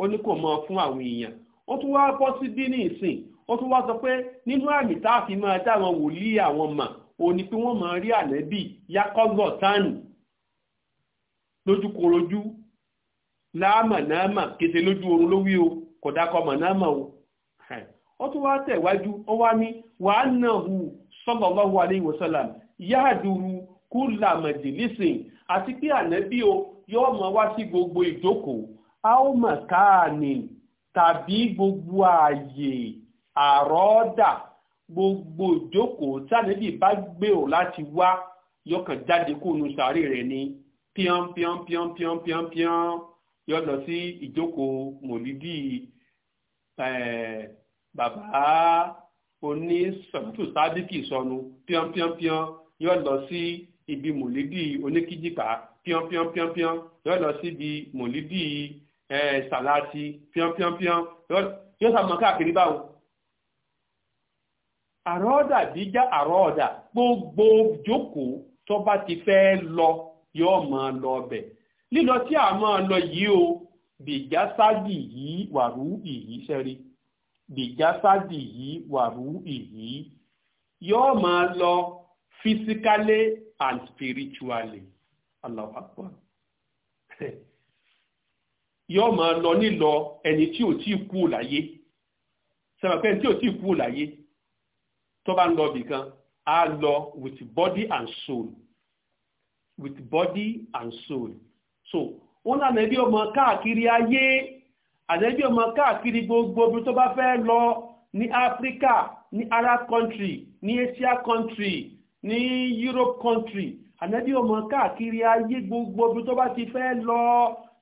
ó ní kò mọ fún àwọn èèyàn ó tún ni bọ́ sí bí ní pe ó tún wá sọ pé nínú àmì tá a fi máa dá àwọn wòlíì àwọn mà ò ní pé wọ́n máa rí ànẹ́bí lójúkorojú kété oorun ló o kò dákọ̀ mọ̀ o ó tún wá tẹ̀wájú ó wá ní wàá náà hù kúlà mọ̀jìlísìn àti pé ànábì o yóò máa wá sí gbogbo ìjókòó a ó mọ̀ káàní tàbí gbogbo ààyè àrọ́ọ̀dà gbogbo ìjókòó tí ànábì bá gbèrò láti wá yọkàn jáde kóònù sàárè rẹ̀ ni píọ́n píọ́n píọ́n píọ́n yọ lọ sí ìjókòó mòlídì bàbá oní sọ̀tún sábìkì sọnù píọ́n yọ lọ sí ibi mòlídì oníkíjìpá píọ́npíọ́npíọ́n yóò lọ síbi mòlídì sàláàtì píọ́npíọ́npíọ́n yóò sàmọ́ káàkiri báwo. àrọ́ọ̀dà bíjá àrọ́ọ̀dà gbogbo jókòó tó bá ti fẹ́ lọ yóò máa lọ ọbẹ̀ lílọ tí a máa lọ yìí o bìjá sáàdì yìí wàrú ìyí sẹ́rí bìjá sáàdì yìí wàrú ìyí yóò máa lọ fisikálé and spiritually Allah Akbar yóò máa lọ nílọ ẹni tí ò tí kú láyé sẹ́wọ̀n ẹni tí ò tí kú láyé tó bá ń lọ bìkan á lọ with body and soul with body and soul so wọ́n lànà ẹbí ọmọ káàkiri ayé ànẹ́bí ọmọ káàkiri gbogbo ibi tó bá fẹ́ lọ ní Áfíríkà ní Arab country ní Asia country ní Europe country ànábì ọmọ káàkiri ayé gbogbo bí tó bá ti fẹ́ lọ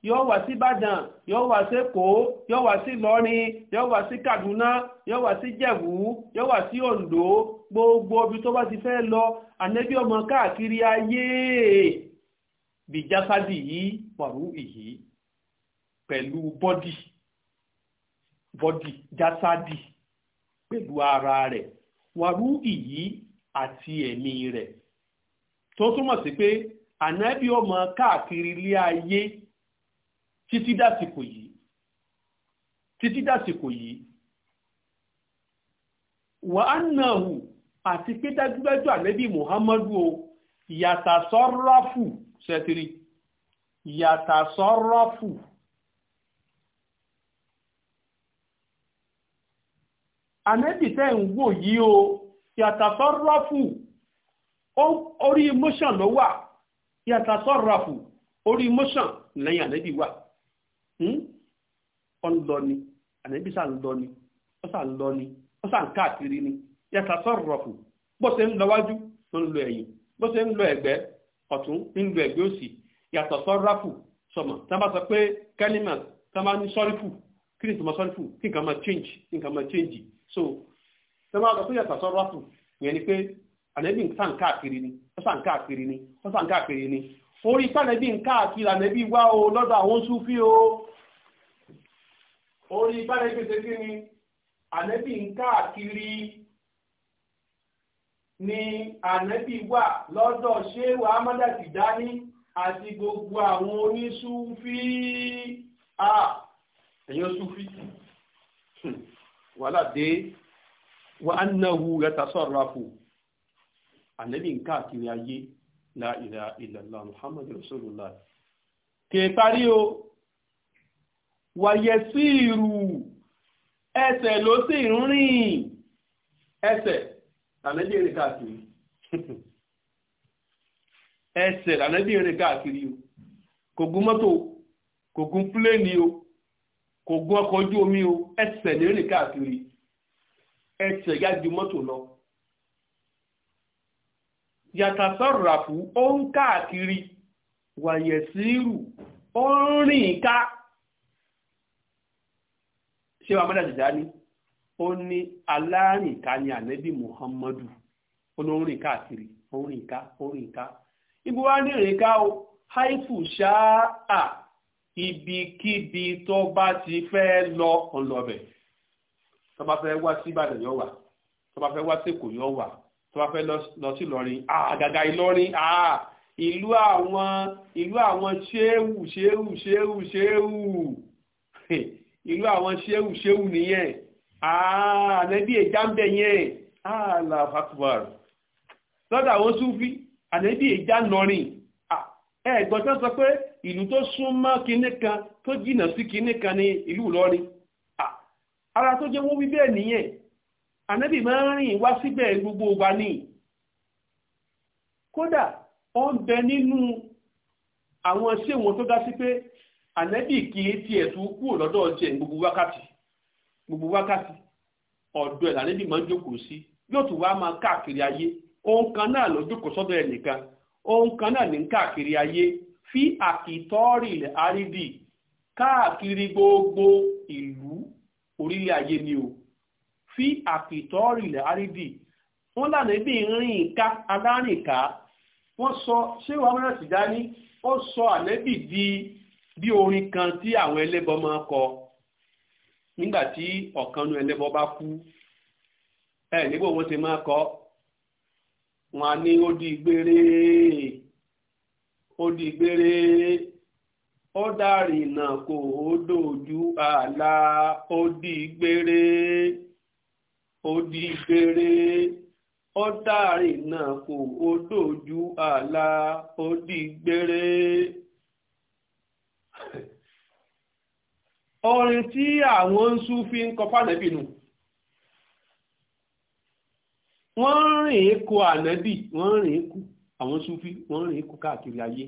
yóò wá sí Ìbàdàn yóò wá sí Èkó yóò wá sí Ìlọrin yóò wá sí Kaduna yóò wá sí Jẹ̀bú yóò wá sí Oǹdó gbogbo bí tó bá ti fẹ́ lọ ànábì ọmọ káàkiri ayé bìjásádì yìí pọ̀rú ìyí pẹ̀lú bọ́dì bọ́dì jásádì pẹ̀lú ara rẹ̀ wàrú ìyí àti ẹ̀mí rẹ̀ tó túmọ̀ sí pé ànábì ọmọ káàkiri ilé ayé títí dàsìkò yìí títí dàsìkò yìí wàhánàhù àti pé dájúdájú ànábì muhammadu o yàtà sọ́rọ́fù sẹ́tìrì yàtà sọ́rọ́fù. ànábì tẹ́ ń wò yìí o yàtàsọ́rọ́fù orí emotion ló wà yàtàsọ́rọ́fù orí emotion lẹ́yìn ànábì wà ọ̀n hmm? lọ ni ànábì sà ń lọ ni ó sà ń lọ ni ó sà ń káàkiri ni yàtàsọ́rọ́fù bó ṣe ń lọ wájú ló ń lọ ẹ̀yìn bó ṣe ń lọ ẹ̀gbẹ́ ọ̀tún ń lọ ẹ̀gbẹ́ òsì yàtàsọ́rọ́fù sọmọ tí wọ́n bá sọ pé kẹ́límà tí wọ́n bá ní sọ́rífù kí ni ìtumọ̀ sọ́rífù kí nǹkan máa change kí nǹkan máa change so tó máa sọ pé yàtọ̀ sọ́rọ́ àpò yẹn ni pé ànẹ́bí sàn káàkiri ni ó sàn káàkiri ni ó sàn káàkiri ni orí pànẹ́bí ń káàkiri ànẹ́bí wá o lọ́dọ̀ àwọn súfí o orí pànẹ́bí ṣe kí ni ànẹ́bí ń káàkiri ni ànẹ́bí wà lọ́dọ̀ ṣé wàá mọ́dà ti dání àti gbogbo àwọn onísúfí ẹ̀yin súfí wàhálà dé wa annahu yatasarrafu ànábì ń káàkiri ayé la ilaha illallah muhammadu rasulullah kè parí o wàyẹ̀ sí ìrù ẹsẹ̀ ló sì ń rìn ẹsẹ̀ ànábì rìn káàkiri ẹsẹ̀ ànábì rìn káàkiri o kò gùn o kò gùn ọkọ̀ ojú omi o ẹsẹ̀ ní rìn káàkiri ẹsẹ̀ yá ju mọ́tò lọ yàtàsọ́ràfù ó ń káàkiri wàyẹ̀sírù ó ń rìn ká ṣé wàá mọ́tà jìjà ni ó ní alárìnká ni ànẹ́bí muhammadu ó ló ń rìn káàkiri ó ń rìn ká ó ń rìn ká ibi wá ní rìn ká o haifu ṣáà ibikíbi tó bá ti fẹ́ lọ ọlọ́bẹ̀ tó bá fẹ́ wá sí Ìbàdàn yóò wà tó bá fẹ́ wá sí Èkó yóò wà tó bá fẹ́ lọ sí Ìlọrin àgàgà Ìlọrin ìlú àwọn ìlú àwọn ṣéwù ṣéwù ṣéwù ṣéwù ìlú àwọn ṣéwù ṣéwù nìyẹn ànẹ́bí ẹ̀já ń bẹ̀ yẹn aláfàkùbàr lọ́dọ̀ àwọn súnfí ànẹ́bí ẹ̀já nọrin ẹ̀gbọ́n tó sọ pé ìlú tó súnmọ́ kinní kan tó jìnnà sí kinní kan ní ìlú Ìlọrin ara tó jẹ́ wọ́n wí bẹ́ẹ̀ nìyẹn ànábì máa ń rìn wá síbẹ̀ gbogbo wa ní kódà ó ń bẹ nínú àwọn iṣẹ́ wọn tó dá sí pé ànábì kì í tiẹ̀ tún kúrò lọ́dọ̀ jẹ́ gbogbo wákàtí gbogbo wákàtí ọ̀dọ̀ ẹ̀ lànàbì máa ń jókòó sí yóò tún wá máa káàkiri ayé ohun kan náà ló jókòó sọ́dọ̀ ẹ̀ nìkan ohun kan náà ní káàkiri ayé fi àkìtọ́rì àrídì káàkiri gbogbo ìlú orílẹ̀ ayé ni o fi àkìtọ́ọ̀rìlẹ̀ àrídì wọ́n lànà bí rìnká alárìnká wọ́n sọ ṣé wàá mọ́nà sì dání ó sọ ànẹ́bì di bí orin kan tí àwọn ẹlẹ́bọ máa kọ nígbà tí ọ̀kan nu ẹlẹ́bọ bá kú ẹ nígbà wọn ti máa kọ wọn á ní ó di gbére ó di gbére. ó dárìnà kò ó dòjú àlà ó di gbére ó di gbére ó dárìnà kò ó dòjú àlà ó di gbére. orin tí àwọn ń fi ń kọ fànẹ́bì nù wọ́n rìn ín kó ànẹ́bì wọ́n rìn ín kú àwọn fi wọ́n rìn ín kú káàkiri ayé.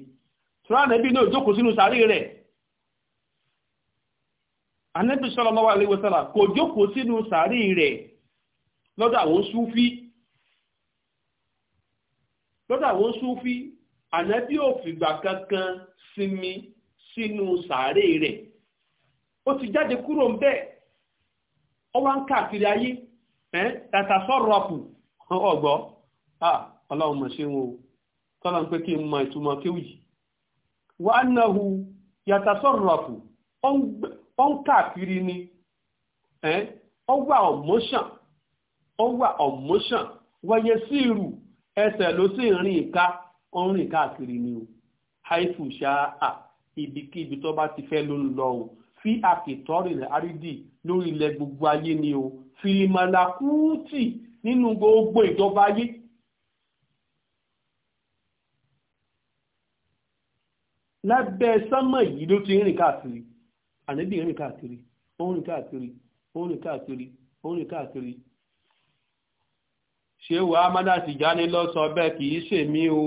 tura na ibi inu jo ku sinu saari ire anebi sholomawa ileiwuosala ko jo ku sinu saari ire loda wo n su fi? anebi o figba kankan simi sinu saari ire o ti jade kuro m be o wa n ka akiri aye pe tata soropu kan ogbon ha o wonu kola n peki n ma itu ma kiwi wà ánàhù yàtàsọ̀rọ̀fù ó ń ni ó wà ọ̀mọ́ṣàn ó wà ọ̀mọ́ṣàn wáyé sí ìrù ẹsẹ̀ ló sì rìn ìka ó ń rìn káàkiri ni o haifu ṣáà ibikíbi tó bá ti fẹ́ ló ń lọ o fi àkìtọ́rì rẹ̀ àrídì lórí ilẹ̀ gbogbo ayé ni o fìlìmọ̀làkúùtì nínú gbogbo ìjọba ayé lábẹ́ sánmọ̀ yìí ló ti rìn káàkiri ànábì rìn káàkiri ó rìn káàkiri ó rìn káàkiri ó rìn káàkiri. ṣé wàá amádá Tìjání lọ sọ bẹ́ẹ̀ kì í ṣèmi o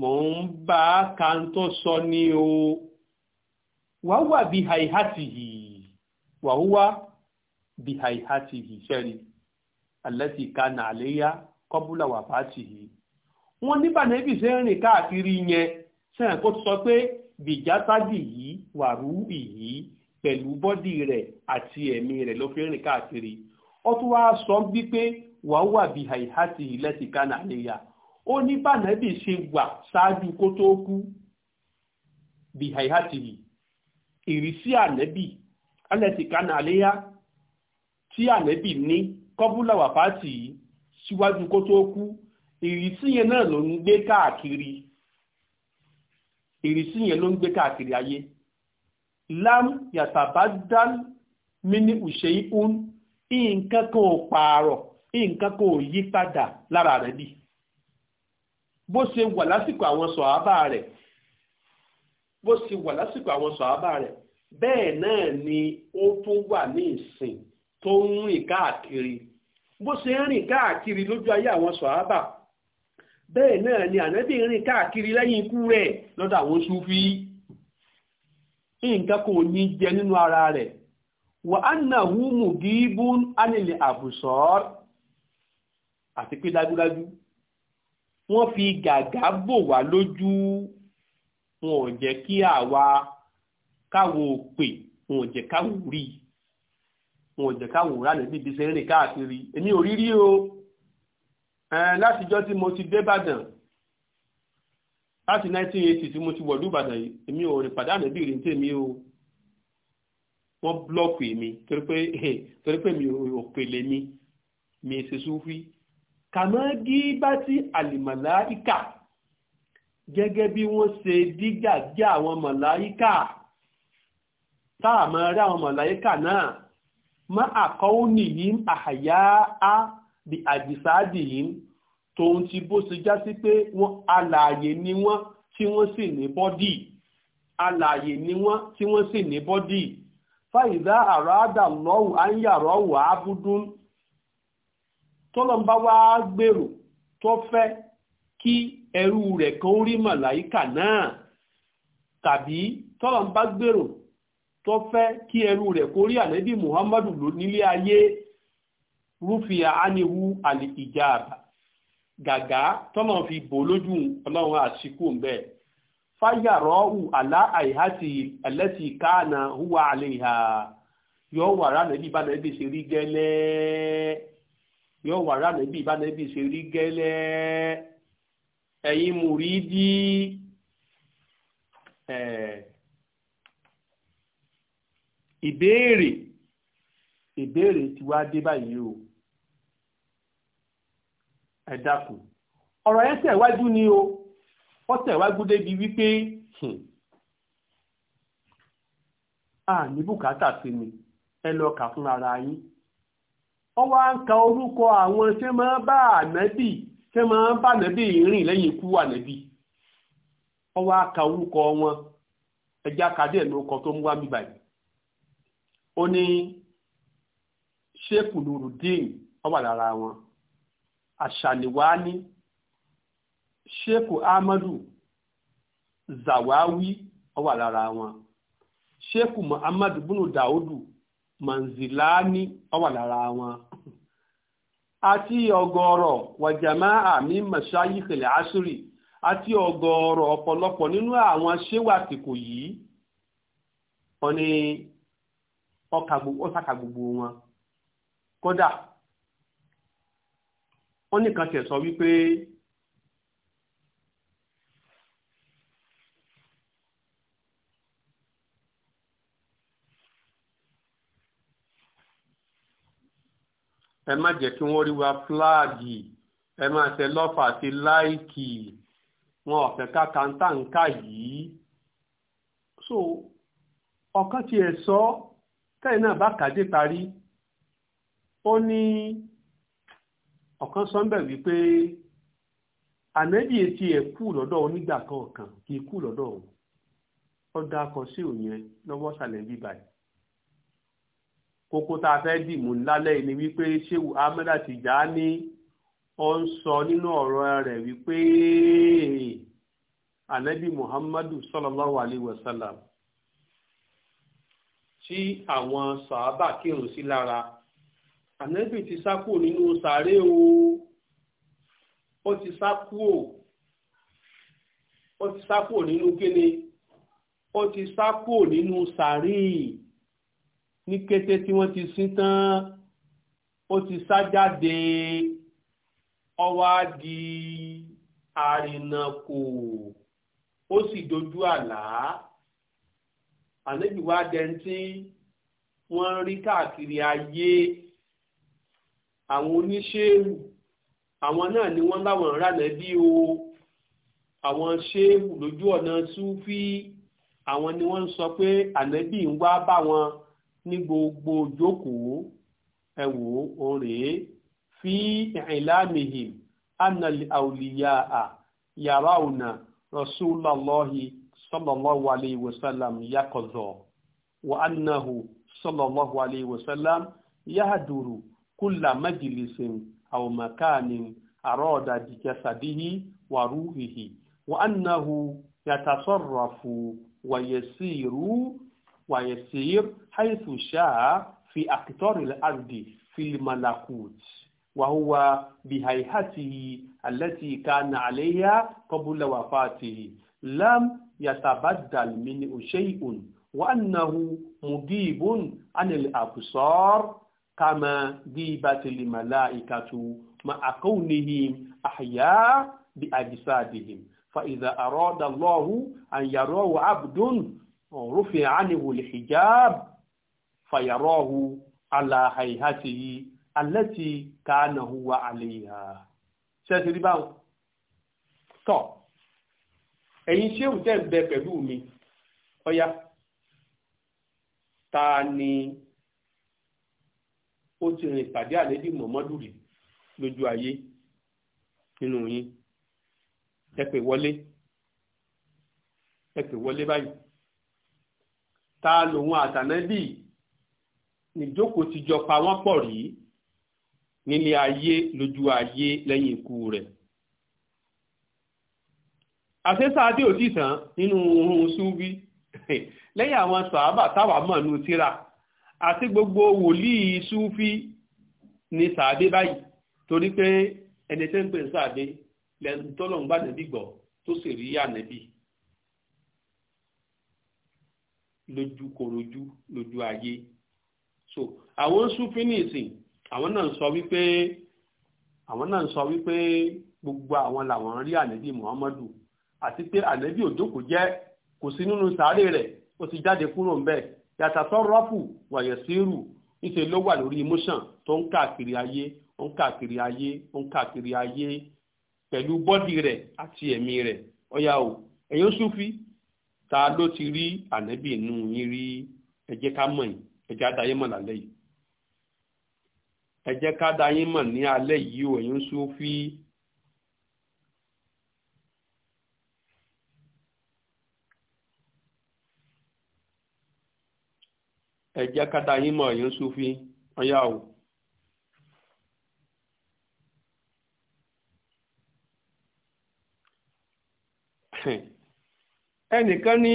mò ń bá a kan tó sọ ni o wàá wà bí haihati yìí wàá wà bí haihati yìí ṣẹ́ni alẹ́tì kan àléyá kọ́búlà wà bá yìí. wọ́n ní bànẹ́bì káàkiri yẹn. sẹ́yìn kó sọ pé bìjátádì yìí wàrú ìyí pẹ̀lú bọ́dì rẹ̀ àti ẹ̀mí rẹ̀ ló fi rìn káàkiri ó tún wá sọ bí wàá wà bí àìhátì ìlẹ́sì kan àníyà ó ní bànẹ́bì ṣe wà ṣáájú kó tó kú bí àìhátì yìí ìrísí ànẹ́bì alẹ́sì kan àníyà tí ànẹ́bì ní kọ́búlà wàfáàtì yìí síwájú kó tó ìrísí yẹn ló ń gbé káàkiri ayé lam yatabadal mini usheun nǹkan kan ò pààrọ̀ nǹkan kan ò yí padà lára rẹ̀ bí bó ṣe wà lásìkò àwọn sọ̀hábà rẹ̀ bó ṣe wà lásìkò àwọn sọ̀hábà rẹ̀ bẹ́ẹ̀ náà ni ó tún wà ní ìsìn tó ń rìn káàkiri bó ṣe ń rìn káàkiri lójú ayé àwọn sọ̀hábà bẹ́ẹ̀ náà ni ànábì rìn káàkiri lẹ́yìn ikú rẹ̀ lọ́dọ̀ àwọn súfí nǹkan kò ní jẹ nínú ara rẹ̀ wà á nà hú mùgíbún ánìlẹ̀ àbùsọ́r àti pé dájúdájú wọ́n fi gàgá bò wá lójú wọn ò jẹ́ kí àwa káwo pè wọn ò jẹ́ káwo rí wọn ò jẹ́ káwo rà níbi ìbísẹ́ rìn káàkiri èmi ò rí rí o látijọ́ tí mo ti dé Ìbàdàn láti 1980 tí mo ti wọ̀lú Ìbàdàn yìí èmi ò rìn pàdánù bí ìrìn tèmi o wọ́n blọ́ọ̀kì mi torí pé eh, torí pé mi ò pèlè mi mi ṣe súfí kàmáàgì bá ti àlìmàláíkà gẹ́gẹ́ bí wọ́n ṣe dígàgé àwọn màláíkà táàmọ́ rí àwọn màláíkà náà má àkọ́wọ́ nìyí àhàyá á bí àjìsáàdì yìí tòun ti bó ṣe já sí pé wọ́n alààyè ni wọ́n tí wọ́n sì ní bọ́dì alààyè ni wọ́n tí wọ́n sì ní bọ́dì fàyídá àràádà lọ́wù áńyàrá wà á búdún tọ́lọ́mbá wá gbèrò tó fẹ́ kí ẹrú rẹ̀ kan rí màláìkà náà tàbí tọ́lọ́mbá gbèrò tó fẹ́ kí ẹrú rẹ̀ kó rí ànábì muhammadu nílé ayé rúfìyà ánihu àlè ìjààbà gàgá tọ́nà fi bò lójú ọlọ́run àṣìkò ńbẹ́ fáyà rọ́ọ̀hù àlá àìhátì ẹlẹ́sì káànà húwa àlè ìhà yóò wà rà nẹ́bí bá nẹ́bí ṣe rí gẹ́lẹ́ yóò wà rà nẹ́bí bá nẹ́bí ṣe rí gẹ́lẹ́ ẹ̀yin mùrídì ìbéèrè ìbéèrè tí wá dé báyìí o. ẹ dákun ọ̀rọ̀ yẹn tẹ̀wájú ni o wọ́n tẹ̀wájú débi wípé hmm, a ní bùkátà sí mi ẹ lọ kà fún ara yín wá ka orúkọ àwọn ṣé máa bá ṣé máa bá rìn lẹ́yìn ikú wá ka orúkọ wọn tó ń wá ó àṣàlìwání sheku ahmadu zawawi ó wà lára wọn sheku muhammadu bunu daudu manzilani ó wà lára wọn àti ọ̀gọ̀rọ̀ wàjàmá àmì mọṣáyí kẹlẹ àṣírí àti ọ̀gọ̀rọ̀ ọ̀pọ̀lọpọ̀ nínú àwọn ṣéwàtìkò yìí wọn ni ọkà gbogbo wọn kódà wọ́n nìkan tẹ̀ sọ wípé ẹ má jẹ́ kí wọ́n rí wa fúláàgì ẹ má ṣe lọ́fà àti láìkì wọn ọ̀fẹ́ kákàntàǹkà yìí so ọ̀kan tiẹ̀ sọ tẹ́yìn náà bá kàdé parí ó ní ọ̀kan sọ́ńbẹ̀ wípé ànábì etí ẹ̀ kú lọ́dọ̀ onígbà kọ̀ọ̀kan kì í kú lọ́dọ̀ òun ó dá akọ sí òun yẹn lọ́wọ́ sàlẹ̀ bíbá yìí kókó tá a fẹ́ dìmú lálẹ́ ni wípé ṣéwù Ahmed Tijani ó ń sọ nínú ọ̀rọ̀ rẹ̀ wípé ànábì Muhammadu sallallahu alayhi wa sallam tí àwọn sàábà kírun sí lára ànẹ́bì ti sá kúrò nínú sàárè o ó ti sá kúrò ó ti sá kúrò nínú kíni ó ti sá kúrò nínú sàárè ní kété tí wọ́n ti sin tán ó ti sá jáde ó wá di àrìnàkò ó sì dojú àlá ànẹ́bì wá dẹni wọ́n rí káàkiri ayé àwọn oníṣéèwù àwọn náà ni wọ́n láwọn ránà bí o àwọn ṣéèwù lójú ọ̀nà súfì àwọn ni wọ́n ń sọ pé ànábì ń wá bá wọn ní gbogbo ìjókòó ẹ wò ó rèé fi ìlàmìhìm annal awliyaa yarawna rasulallahi sallallahu alayhi wa sallam yaqza wa annahu sallallahu alayhi wa sallam yahduru كل مجلس أو مكان أراد بجسده وروحه وأنه يتصرف ويسير ويسير حيث شاء في أقطار الأرض في الملكوت وهو بهيئته التي كان عليها قبل وفاته لم يتبدل منه شيء وأنه مجيب عن الأبصار kama ghibatil malaikatu ma'a kaunihim ahya bi ajsadihim fa idha arada Allahu an yarahu 'abdun rufi'a 'anhu al-hijab fayarahu 'ala hayhatihi allati kana huwa 'alayha ṣe ti rí báwọn tọ́ ẹ̀yin ṣéwù tẹ́ bẹ pẹ̀lú mi ọya ta ni ó ti rìn ìpàdé àlẹ́dì mọ̀mọ́dù rí lójú ayé nínú yín ẹ pè wọlé ẹ pè wọlé báyìí ta lòun àtànẹ́bì níjókòó ti jọ pa wọ́n pọ̀ rí nílé ayé lójú ayé lẹ́yìn ikú rẹ̀ àṣẹ́sáadé ò tí tán nínú ohun súnbí lẹ́yìn àwọn sàábà táwà mọ̀ nù tíra àti gbogbo wòlíì súfí ni sàádé báyìí torí pé ẹni tẹ́ ń pè ní sàádé lẹ́nu tọ́lọ̀ ń gbà nẹ́bí gbọ́ tó sì rí ànẹ́bí lójú korojú lójú ayé so àwọn súfí ní ìsìn àwọn náà ń sọ wípé àwọn náà ń sọ wípé gbogbo àwọn làwọn rí ànẹ́bí Muhammadu àti pé ànẹ́bí òjò kò jẹ́ kò sí nínú sàárè rẹ̀ ó ti jáde kúrò ń bẹ́ẹ̀ yàtàsọ́rọ́fù wàyẹ̀sírù níṣẹ́ ló wà lórí emotion tó ń káàkiri ayé ó ń káàkiri ayé ó ń káàkiri ayé pẹ̀lú bọ́dì rẹ̀ àti ẹ̀mí rẹ̀ ọ̀yà o ẹ̀yin sufi ta ló ti rí ànábì inú yín rí ẹ jẹ́ ká mọ̀ yìí ẹ jẹ́ àdáyé mọ̀ lálẹ́ yìí ẹ ká dáyé mọ̀ ní alẹ́ yìí o ẹ̀yin sufi. ẹ jẹ́ kátà yín mọ̀ yín súfí ọ̀yá o. ẹnìkan ní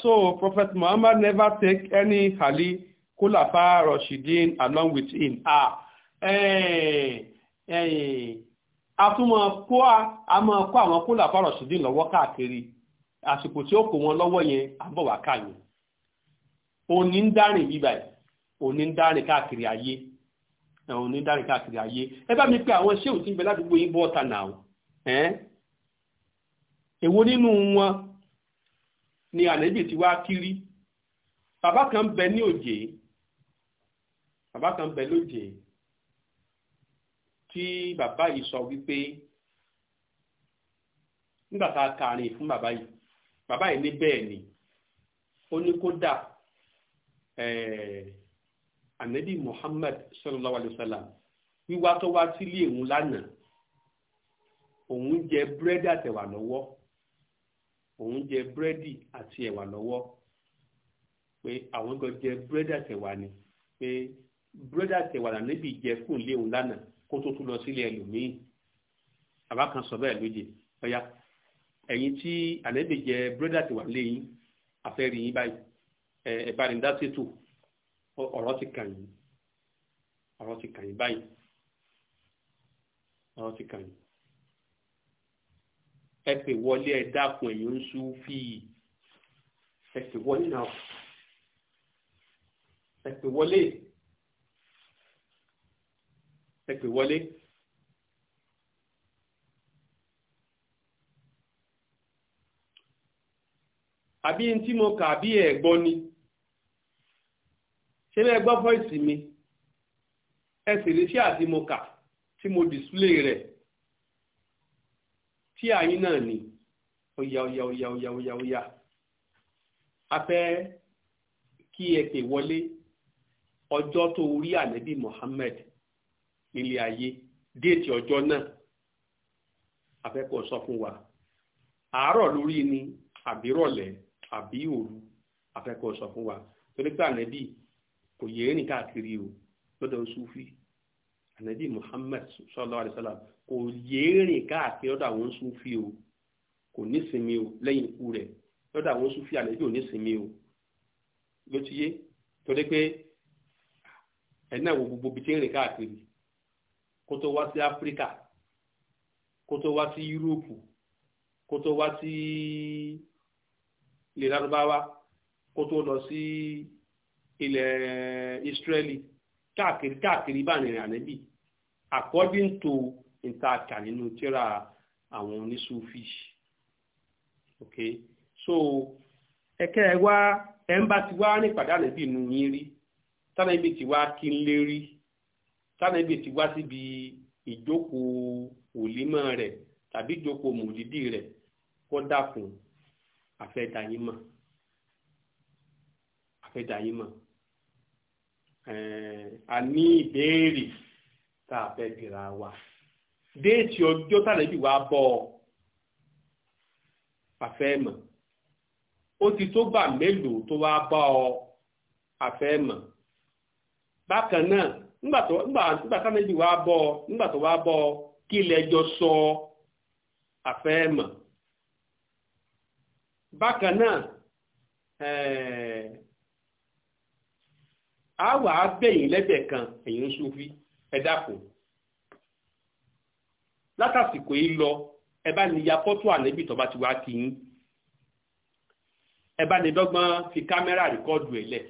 so prophet muhammad never take any hali kulafa rashidin along with him ah atúmọ̀ kó a máa kó àwọn kulafa rashidin lọ́wọ́ káàkiri àsìkò tí ó kó wọn lọwọ yẹn àbọ̀wá káyìn. òní ń dárìn yìí báyìí òní ń dárìn káàkiri ayé òní ń dárìn káàkiri ayé ẹ bá mi pé àwọn ṣéwù tí ń bẹ ládùúgbò yín bọ́ọ̀tà náà ẹ́ èwo nínú wọn ni àlejò ti wá kiri bàbá kan bẹ ní òjè bàbá kan bẹ lójè tí bàbá yìí sọ wípé nígbà tá a kàrin fún bàbá yìí bàbá yìí ní bẹ́ẹ̀ ni ó ní kódà anabi eh, Muhammad sallallahu alaihi wasallam, sallam wíwá tó wá sílé òun lánàá òun jẹ búrẹ́dì àtẹ̀wà lọ́wọ́ òun jẹ búrẹ́dì àti ẹ̀wà lọ́wọ́ pé àwọn gan jẹ búrẹ́dì àtẹ̀wà ni pé búrẹ́dì àtẹ̀wà lànàbì jẹ fún ilé òun lánàá kó tó tún lọ sílé ẹlòmíì bàbá kan sọ bẹ́ẹ̀ lóye ọ̀ya ẹ̀yin tí ànàbì jẹ búrẹ́dì àtẹ̀wà lẹ́yìn afẹ́rìyìn báyìí ẹ̀bánidásítù eh, eh, ọ̀rọ̀ ti kàn yín ọ̀rọ̀ ti kàn yín báyìí ọ̀rọ̀ ti kàn yín ẹ pè wọlé ẹ dákun ẹ̀yìn ń sún fíì ẹ pè wọlé náà ẹ pè wọlé ẹ pè wọlé. àbí ẹni tí mo kà bí ẹ̀ gbọ́ ni ṣé bẹ́ẹ̀ gbọ́ fọ́ìsì mi ẹ sì rí sí àti mo kà tí mo display rẹ̀ tí àyín náà ni oya oya oya oya oya oya a fẹ́ kí ẹ pè wọlé ọjọ́ tó rí ànábì Muhammad nílé ayé déètì ọjọ́ náà a fẹ́ kó sọ fún wa àárọ̀ lórí ni àbírọ̀lẹ́ àbí òru a fẹ́ kó sọ fún wa torí pé kò yé rìn káàkiri o lọ́dọ̀ sufi anabi muhammad sallallahu alaihi wasallam kò yé rìn káàkiri lọ́dọ̀ àwọn sufi o kò ní sinmi o lẹ́yìn ikú rẹ̀ lọ́dọ̀ àwọn sufi anabi ò ní sinmi o ló ti yé torí pé ẹ̀yin náà wo gbogbo ibi tí ń káàkiri kó tó wá sí áfíríkà kó tó wá sí yúróòpù kó tó wá sí ilẹ̀ lárúbáwá kó tó lọ sí. Si ilẹ̀ Israeli káàkiri káàkiri ìbànìyàn ànẹ́bì according to ìtaàkà nínú tíra àwọn oníṣúfì ok so ẹ̀kẹ́ ẹ wá ẹ̀ ń bá ti wá ní ìpàdánù bí yín rí ti wá kí n lé rí tánàbí ti wá síbi ìjókòó òlímọ̀ rẹ̀ Eh, a ní ìbéèrè tá a fẹ́ bìra wa déètì ọjọ́ tàbí wa bọ̀ ọ́ ó ti tó gbà mélòó tó wàá bá ọ àfẹ́ bákan náà nígbà tó nígbà tánẹ́bì bọ̀ nígbà tó bọ̀ á wà á bẹ̀yìn lẹ́bẹ̀ kan ẹ̀yin Sufi ẹ dákun látàsìkò yìí lọ ẹ bá ní ya fọ́tò ànẹ́bì tó bá ti wá kí yín ẹ bá ní dọ́gbọ́n fi kámẹ́rà rìkọ́ọ̀dù ẹ̀ lẹ̀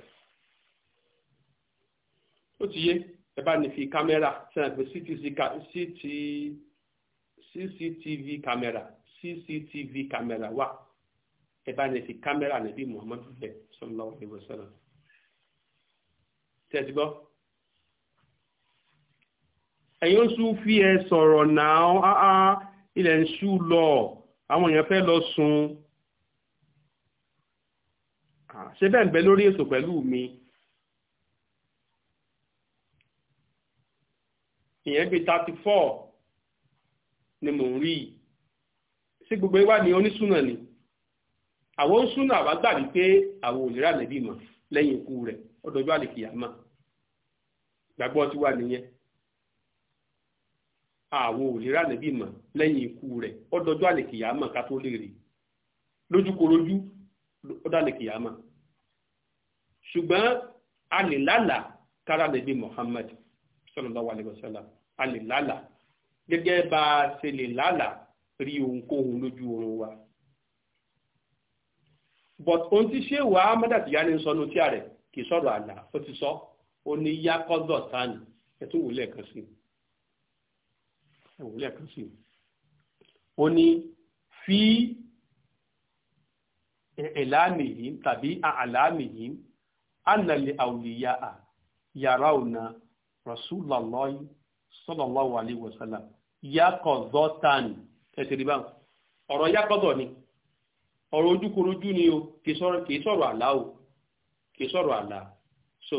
ó ti yé ẹ bá ní fi kámẹ́rà sẹ́yìn cctv kámẹ́rà cctv kámẹ́rà wà ẹ bá ní fi kámẹ́rà ànẹ́bì Muhammadu bẹ́ẹ̀ sallallahu alaihi wasallam tẹ̀sí gbọ́. ẹ̀yin oṣù fi ẹ sọ̀rọ̀ náà ilẹ̀ ń ṣú lọ àwọn èèyàn fẹ́ lọ sùn ṣe bẹ́ẹ̀ ń bẹ lórí ètò pẹ̀lú mi ìyẹn bíi thirty four ni mò ń rí sí gbogbo ìwà ni onísùnà ni àwọn onísùnà àwa gbà wípé àwọn òlera nẹ̀bí mọ̀ lẹ́yìn ikú rẹ̀ ọdọ̀jọ́ àlèkìyàmọ́ gbàgbọ́ tiwa nìyẹn àwọn òlera níbí mọ̀ lẹ́yìn ikú rẹ̀ ó dọjọ́ àlèkìyà mọ̀ ká tó lè rí lójúkorojú ó dàlèkìyà mọ̀ ṣùgbọ́n a kára níbí Muhammad sallallahu alaihi wasallam a lè lálà gẹ́gẹ́ bá a ṣe lè lálà rí ohunkóhun lójú oorun wa but ohun tí ṣé wàá mọ́dàtìyá ní sọnù tí a rẹ̀ kì í sọ̀rọ̀ àlà ó ti sọ. So ó ní yakọ́dọ̀ tani ẹ tún wò lẹ́ẹ̀kan sí sí ó ní fi ẹ̀lámìhìn tàbí àlámìhìn annali a à yàrá rasulallah sallallahu alayhi wa sallam yakọ́dọ̀ tani ẹ rí báwọn ọ̀rọ̀ ni ọ̀rọ̀ ni o kì í sọ̀rọ̀ àlá so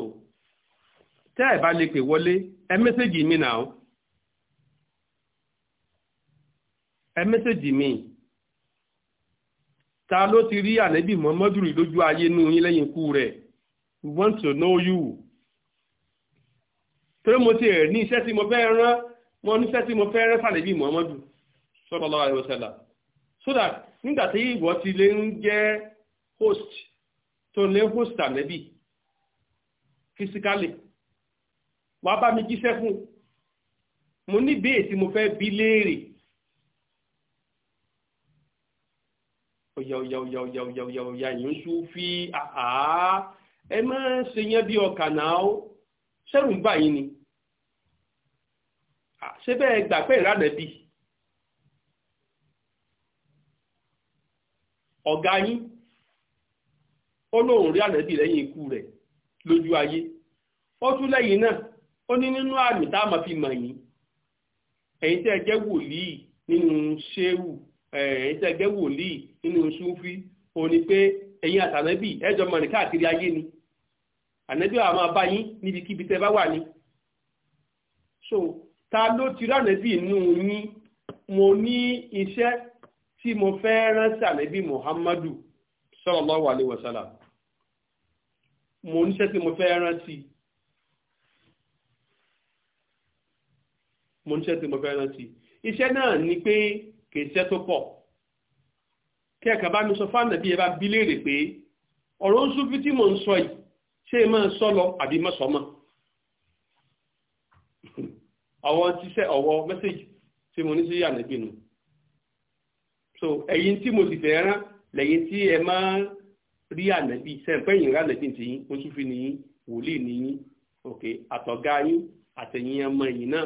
tẹ́ ẹ̀ bá lè pè wọlé ẹ mi náà ẹ ta ló ti rí Muhammadu rí lójú ayé nù yín lẹ́yìn ikú we want to know you torí mo ti ẹ̀ ní iṣẹ́ tí mo fẹ́ rán mo níṣẹ́ tí mo fẹ́ rán Muhammadu so that nígbà tí ìwọ ti host tó host physically wàá bá mi jíṣẹ́ fún mo ní ìbéèrè tí mo fẹ́ bi léèrè ọ̀yà ọ̀yà ọ̀yà ọ̀yà ọ̀yà ọ̀yà ọ̀yà yìí ń sún fi àhá ẹ má ṣe yẹn bí ọkà náà ó ṣẹ́rù ń bà yín ni ṣé bẹ́ẹ̀ gbà pé ìrànlẹ́ bíi. ọ̀gá yín ó lóun rí ànẹ́bì lẹ́yìn ikú rẹ̀ lójú ayé ó tún lẹ́yìn náà ó ní nínú àmì tá a máa fi mọ̀ yín ẹ̀yin tí ẹ jẹ́ wòlíì nínú ṣéwù ẹ̀yin tí ẹ jẹ́ wòlíì nínú ṣúfí ó ní pé ẹ̀yin àtànẹ́bì ẹ̀jọ̀ mọ̀rìn káàkiri ayé ni ànẹ́bì àwọn máa bá níbikíbi tẹ́ bá wà ní. so ta ló ti ránẹ́bì inú yín mo ní iṣẹ́ tí mo fẹ́ ránṣẹ́ ànẹ́bì Muhammadu sallallahu alaihi wasallam mo níṣẹ́ tí mo fẹ́ ránṣẹ́ mo níṣẹ́ tí mo fẹ́ rántí iṣẹ́ náà ni pé kì í ṣẹ́ tó pọ̀ kí ẹ̀ka bá mi sọ fáànà bí ẹ bá bí léèrè pé ọ̀rọ̀ ń súnfí tí mò ń sọ yìí ṣé ẹ máa sọ lọ àbí má sọ mọ́ ọwọ́ tíṣẹ́ ọwọ́ mẹ́sẹ̀gì tí mo ní sí ànábì nù so ẹ̀yin tí mo sì fẹ́ rán lẹ́yìn tí ẹ máa rí ànábì sẹ́ǹpẹ́yìn rán ànábì tí yín ó súnfí nìyí wòlíì nìyí òkè àtọ̀gá yín àtẹ̀yìn ọmọ yìí náà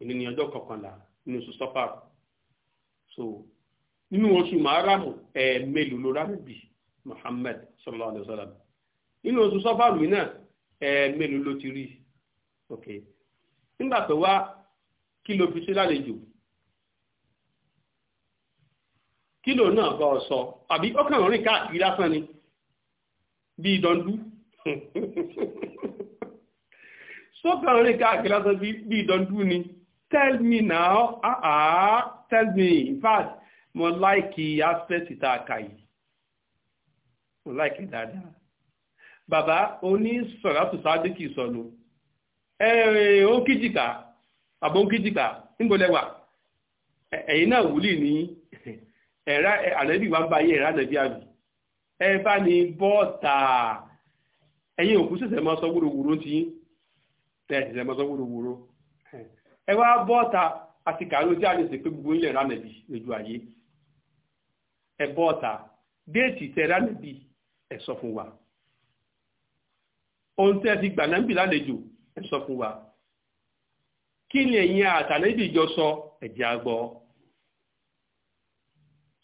òní ní ọjọ́ kọkànlá nínú oṣù sọ́fàr so nínú oṣù màáramu ẹ̀ẹ̀mélòó ló rábìbì Muhammad sallallahu alayhi wa sallam nínú oṣù sọ́fàr mi náà ẹ̀ẹ̀mélòó ló ti rí ok nígbà tó wá kí ló fi ṣe lálejò kí ló náà bá ọ sọ àbí ọkàn rìn káàkiri lásán ni bí ìdọ̀ndú sọ́kàn rìn káàkiri lásán bí ìdọ̀ndú ni. tell me now ah ah tell me in fact mo like aspect ìta àkà yìí mo like e dáadáa bàbá oní sọ̀rọ̀tù sádìkì sọ̀nù ẹ̀rẹ̀ ó kíjìká àbò ń kíjìká nígbòlẹ́wà ẹ̀yìn náà wùlì ni ẹ̀rá àlẹ́bí wa ń bá yé ẹ̀rá àbí ẹ bá ní bọ́ọ̀tà òkú ti ẹ wá bọ́ọ̀ta àti kàrí ojú àlèsè pé gbogbo ilẹ̀ ránàbì lójú ayé ẹ bọ́ọ̀ta déètì tẹ ránàbì ẹ sọ fún wa ohun tẹ́ fi gbànàbì lálejò ẹ sọ fún wa kí ni ẹ̀yin àtàlẹ́bì jọ sọ ẹ̀jẹ̀ àgbọ̀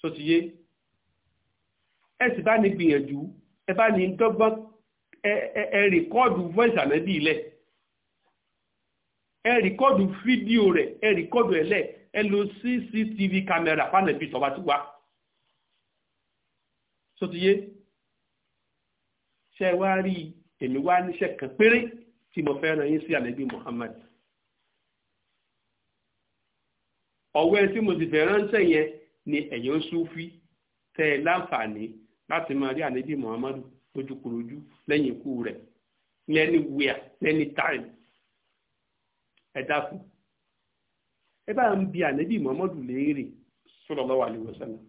tó ti yé ẹ sì bá ní gbìyànjú ẹ bá ní dọ́gbọ́n ẹ rìkọ́ọ̀dù voice ànábì ilẹ̀ ẹ rìkọ́dù fídíò rẹ̀ ẹ rìkọ́dù ẹ̀lẹ́ ẹ lo cctv kámẹ́rà fánàbí tọ́ba ti wá sotiye ṣe wá rí èmi wá níṣẹ́ kan péré tí mo fẹ́ ràn yín sí àlẹ́bí Muhammad ọ̀wẹ́ tí mo sì fẹ́ ránṣẹ́ yẹn ni ẹ̀yin Sufi tẹ́ ẹ láǹfààní láti máa rí àlẹ́bí Muhammad lójúkúrojú lẹ́yìn ikú rẹ̀ lẹ́ni wíà lẹ́ni táìmù ẹ dákun ẹ bá ń bi ànábì muhammadu léèrè sallallahu alaihi wasallam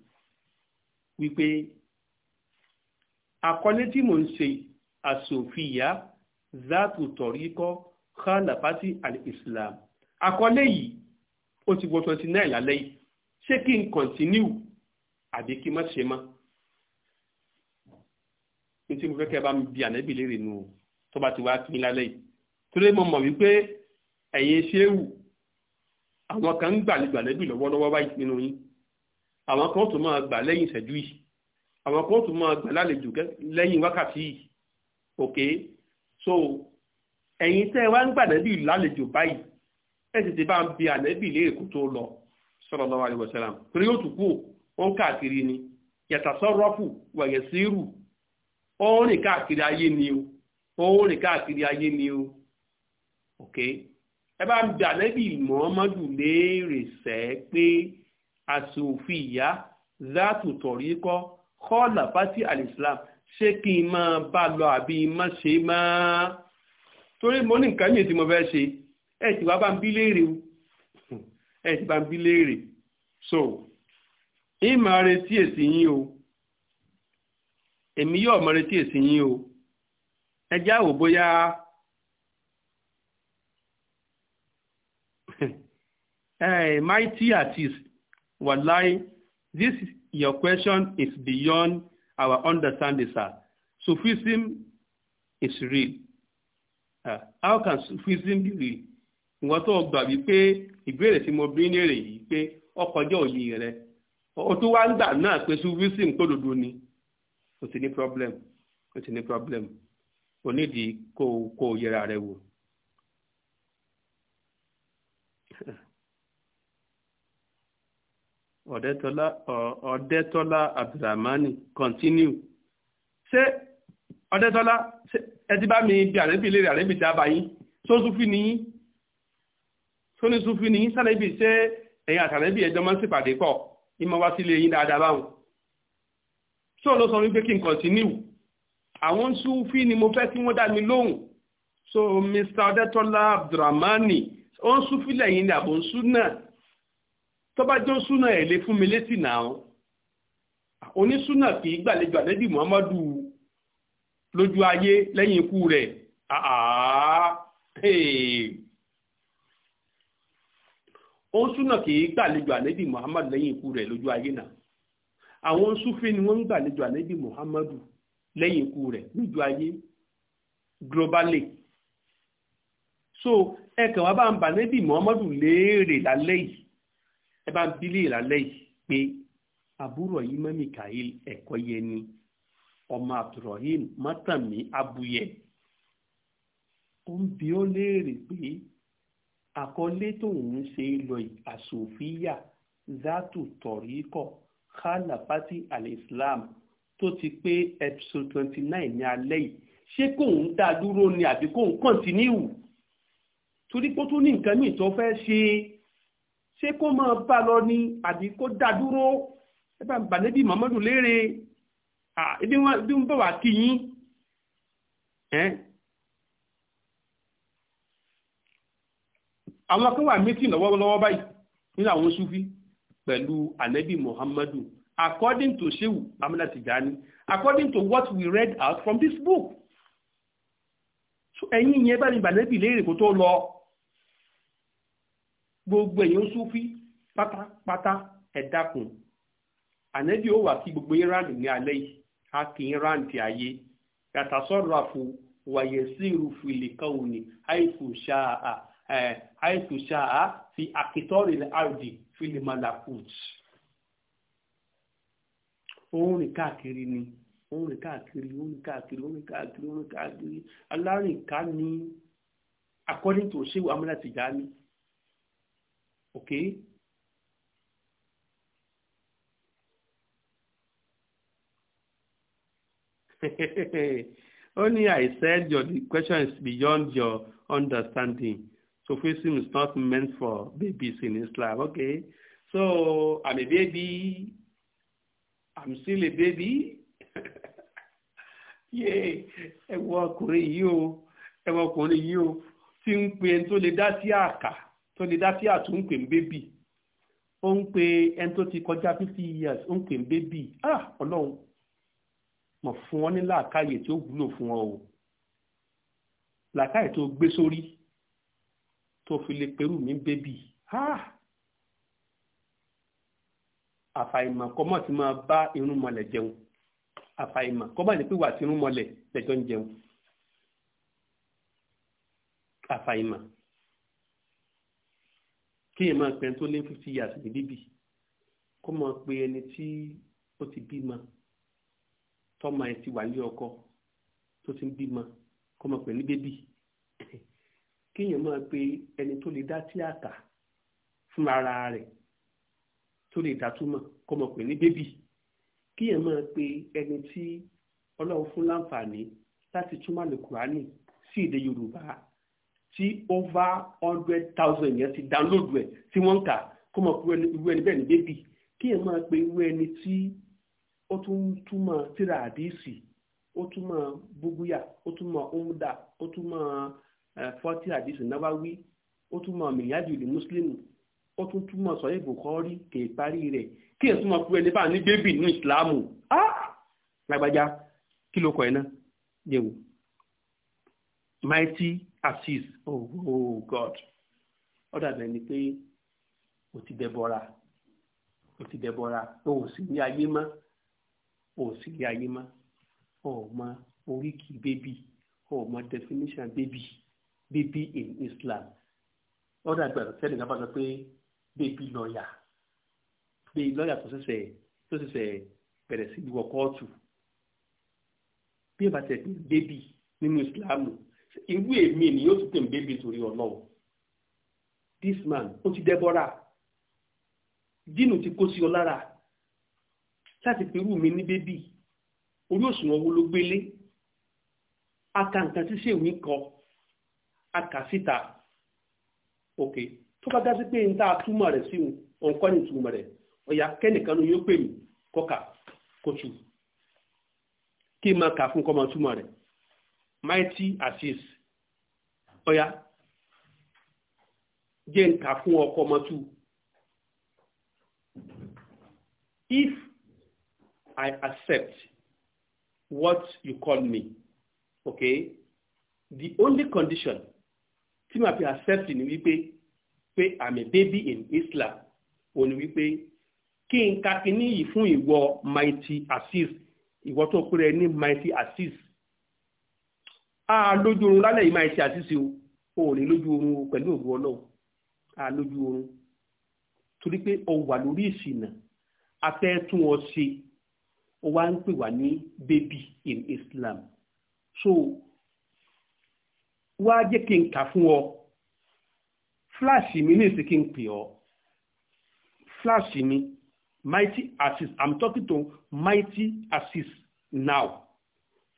wípé àkọlé tí mò ń ṣe àsòfìyà zaatu tọ̀ríkọ́ khalafati al-islam àkọlé yìí ó ti wọ twenty nine lálẹ́ yìí ṣé kí n kọ̀ntínú àbí kí n má ṣe mọ́ ní tí mo fẹ́ kẹ́ bá mi bi ànábì léèrè nù tó bá ti wá kí n lálẹ́ yìí torí mo mọ̀ wípé ẹ̀yin ṣéwù àwọn kan ń gbàlejò àlẹ́bí lọ́wọ́lọ́wọ́ báyìí nínú yín àwọn kan tún máa gbà lẹ́yìn ìṣẹ́jú yìí àwọn kan tún máa gbà lálejò lẹ́yìn wákàtí yìí ok so ẹ̀yin tẹ́ ẹ wá ń gbà àlẹ́bí lálejò báyìí ẹ tètè bá ń bi àlẹ́bí ilé èkó tó lọ sallallahu alaihi wasallam torí yóò tún kú ó káàkiri ni yàtàsọ́rọ́fù wàyẹ̀sírù ó ń rìn káàkiri ayé ni o ó káàkiri ayé ni o okay ẹ bá ń bi ànábì muhammadu léèrè sẹ́ pé àsòfin ìyá zaatu tọ̀rí kọ́ kọ́ọ̀là pátí alislam ṣé kí n máa bá lọ àbí má ṣe máa torí mo ní nǹkan yìí tí mo fẹ́ ṣe ẹ ti wá bá ń bí léèrè ẹ ti bá ń bí léèrè so ìmọ̀ retí èsì yín o èmi yóò mọ retí èsì yín o ẹ já wò bóyá. hey, eh, mighty artist, Wallahi, this your question is beyond our understanding, sir. Sufism is real. Uh, how can Sufism be real? Ìwọ́n tó gbà wípé ìbéèrè tí mo bí nírè yìí pé ọkọjọ́ òye rẹ̀. O tó wá ń gbà náà pé Sufism kò dodo ni. O ti ní problem. O ti ní problem. O nídìí kó o yẹra rẹ wò. ọ̀dẹ́tọ́lá ọ̀dẹ́tọ́lá abdulrahman continue ṣé ọ̀dẹ́tọ́lá ẹ ti bá mi bí àrẹ́bì lè rí àrẹ́bì tí a bá yín tó súnfì ní yín tó ní súnfì ní yín sálẹ́bì ṣé ẹ̀yin àtàrẹ́bì ẹjọ́ máa ń ṣèpàdé pọ̀ ìmọ̀ wá sílé yín dáadáa báwọn ṣó ló sọ wípé kí n continue àwọn súnfì ni mo fẹ́ kí wọ́n dá mi lóhùn so mr ọ̀dẹ́tọ́lá abdulrahman ó ń súnfì lẹ́yìn ní àbòsùn náà tó bá jọ súnà ẹ̀ lè fún mi létí náà onísúnà kì í gbàlejò àdébì muhammadu lójú ayé lẹ́yìn ikú rẹ̀ òun súnà kì í gbàlejò àdébì muhammadu lẹ́yìn ikú rẹ̀ lójú ayé náà àwọn súfì ni wọ́n ń gbàlejò àdébì muhammadu lẹ́yìn ikú rẹ̀ lójú ayé globally so ẹ̀kàn wá bá ń bà àdébì muhammadu léèrè lálẹ́ yìí ẹ bá ń bílí ìrànlẹ́ yìí pé àbúrò yìí mọ́ Mikael ẹ̀kọ́ yẹn ni ọmọ Abdulrahim mọ́tàmí abuyẹ ó ń bi ó léèrè pé àkọlé tóun ṣe lọ àsòfíà zátù tọ̀ríkọ̀ khalafati al-Islam tó ti pé episode twenty nine ní alẹ́ yìí ṣé kóun dá dúró ni àbí kóun kọ́ntínú torí pé ó tún ní nǹkan míì tó fẹ́ ṣe é ṣé kó máa bá lọ ni àbí kó dá dúró ẹ bá bàlẹ́bí Muhammadu léèrè ẹbí wọn bá wà kí yín àwọn kan wà mítì lọ́wọ́lọ́wọ́ báyìí nínú àwọn Sufi pẹ̀lú ànẹ́bí Muhammadu according to Shehu Amina Tijani according to what we read out from this book so ẹ̀yin yẹn bá ní bàlẹ́bí léèrè kó tó lọ. gbogbo èèyàn súnfí pátápátá patapata dákun ànẹ́bí o wa ki gbogbo iran ní alẹ́ yìí a kì í ran ti ayé yàtà sọ̀rọ̀ àfò wàyẹ̀ sí irúfù ìlẹ̀kọ́ òní àìsù ṣáà fi àkìtọ́rì àrùdì fílìmọ́làkùt òun rìn káàkiri ni òun rìn káàkiri òun rìn káàkiri òun rìn káàkiri òun rìn káàkiri alárìnká ni according to okay only I said your the question is beyond your understanding. So, Sufism is not meant for babies in Islam. Okay. So I'm a baby. I'm still a baby. Yay. Ẹ wọ ọkùnrin yìí o. Ẹ wọ ọkùnrin yìí o. Tí ń pe ẹni tó lè dá sí àkà tó lè dá sí àtún ń pè ń bébì ó ń pe ẹni tó ti kọjá fifty years ó ń pè ń bébì ah ọlọ́run mọ̀ fún wọn ní làákàyè tí ó wúlò fún ọ o làákàyè tó gbé sórí tó fi lè perú mi bébì ah àfàìmọ̀ kọ́mọ̀ ti máa bá irun mọ̀lẹ̀ jẹun àfàìmọ̀ kọ́mọ̀ ní pípa tí irun mọ̀lẹ̀ lẹ́jọ́ ń jẹun àfàìmọ̀ kí èèyàn máa pẹ́ tó lé fifty years ní bíbí kó máa pe ẹni tí ó ti bímọ tọ́mọ ẹ ti wà ní ọkọ tó ti ń bímọ kó máa pè ní bébì kí èèyàn máa pe ẹni tó lè dá tíátà fún ara rẹ̀ tó lè dá túmọ̀ kó máa pè ní bébì kí máa pe ẹni tí ọlọ́run fún láǹfààní láti túmọ̀ lè kúránì sí èdè yorùbá tí over hundred thousand yẹn ti download rẹ̀ tí wọ́n ń kà kó mọ̀ pé irú ẹni bẹ́ẹ̀ ni bébì kí ẹ máa pe irú ẹni tí ó tún túmọ̀ tíra àdìsí ó túmọ̀ búgúyà ó túmọ̀ umda ó túmọ̀ eh, fọ́tí àdìsí náwáwí ó túmọ̀ mìyájúlì mùsùlùmí ó tún túmọ̀ sọ́yẹ́ bùkọ́rí kè parí rẹ̀ kí ẹ túmọ̀ pé ẹni bá ní bébì ní ìsìlámù lágbájá kí ló kọ ẹ náà yẹ̀wò mighty assist oh, oh god ó dàbẹ̀ ni pé o ti dẹbọra o ti dẹbọra o ò sí ní ayé mọ́ o ò sí ní ayé mọ́ o ò mọ oríkì bébì o ò mọ definition bébì bébì in Islam ó dàgbẹ̀ sẹ́ni kan bá sọ pé bébì lọ́ọ̀yà bébì lọ́ọ̀yà tó ṣẹ̀ṣẹ̀ tó ṣẹ̀ṣẹ̀ bẹ̀rẹ̀ sí wọ kóòtù bí ìbá tẹ̀ bébì nínú Islam irú èmi ni yóò tún tẹ̀ ń bébí torí ọlọ́run this man ó ti dẹ́bọ́ra dínú ti kó sí ọ lára láti pe irú mi ní bébí orí òṣùwọ̀n wo ló gbélé aka nǹkan tí ṣèwé kọ aka síta ok tó bá dájú pé n ta túmọ̀ rẹ̀ sí òǹkọ́ ní túmọ̀ rẹ̀ ọ̀yà kẹ́nìkan ló yóò pè mí kọ́ka kó kí n máa kà fún kọ́ máa túmọ̀ rẹ̀ mighty assist Oya. jẹ́ nǹka fún ọkọ ọmọ tú if I accept what you call me okay the only condition tí màá fi accept ni wípé pé I'm a baby in Islam òun ni wípé kí n ka kíní yìí fún ìwọ mighty assist ìwọ tó péré ní mighty assist a lójú oorun lálẹ́ yìí máa ṣe àṣìṣe o ò ní lójú oorun o pẹ̀lú òru ọlọ́run a lójú oorun torí pé o wà lórí ìṣìnà a fẹ́ tún ọ ṣe o wá ń pè wá ní baby in Islam so wá jẹ́ kí n kà fún ọ fúláṣì mi ní ìsìnkí ń pè ọ fúláṣì mi mighty assist i'm talking to mighty assist now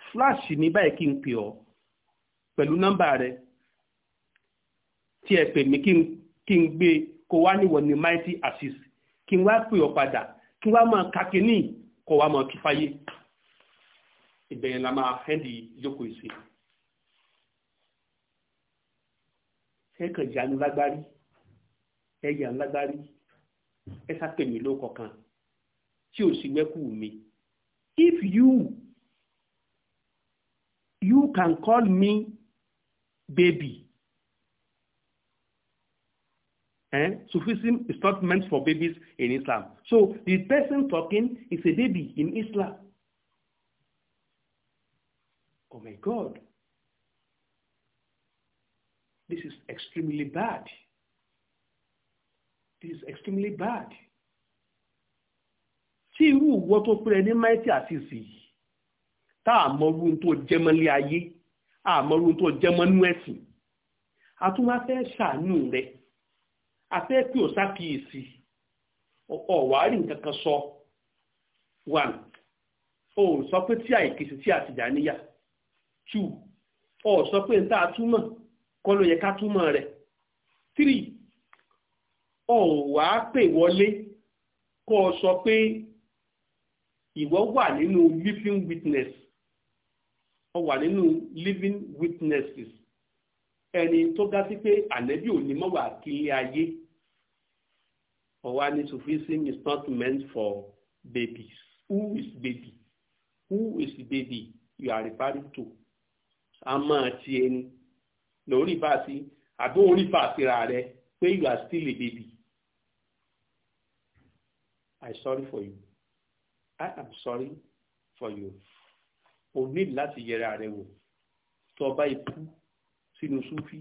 fúláṣì mi báyìí kí n pè ọ pẹ̀lú nọ́mbà rẹ tí ẹ pè mí kí n gbé kó wá níwọ̀n ní mighty assist kí n wá pè ọ́ padà kí n wá máa kakíní kó wá máa tú fáyé ìbẹ̀yẹn la máa hẹ́ndì ìjókòó ìsìn. ẹ kàn jánu lágbárí ẹ yàn lágbárí ẹ sápèmí ló kọ̀ọ̀kan tí ò sí wẹ́kù mi. If you you can call me baby. Eh? Sufism is not meant for babies in Islam. So the person talking is a baby in Islam. Oh my God. This is extremely bad. This is extremely bad. Tí irú ìwọ tó pèrè ní Mighty Assisi, táà mọ́rú tó jẹ́mọ́lé ayé, àmọ́rú tó jẹ́ mọ́nú ẹ̀sìn a tún wá fẹ́ ṣàánú rẹ a fẹ́ pé esi sákìyèsí ọ̀wárì nǹkan kan sọ one o sọ pé tí àìkèsì tí níyà two o sọ pé nta túmọ̀ kọ́ ló yẹ ká túmọ̀ three o wa pè wọlé kó o sọ pé ìwọ wà nínú living witness ọ wà nínú living witnesses ẹni tó ga sí pé ànẹ́bí ò ní mọ́wà kílé ayé ọ̀wá ní sufism is not meant for babies who is baby who is baby you are referring to àmọ́ ti ẹni lórí bá sí àbí orí bá síra rẹ pé you are still a baby I sorry for you I am sorry for you o láti yẹra rẹ wò tó ikú sínú súfí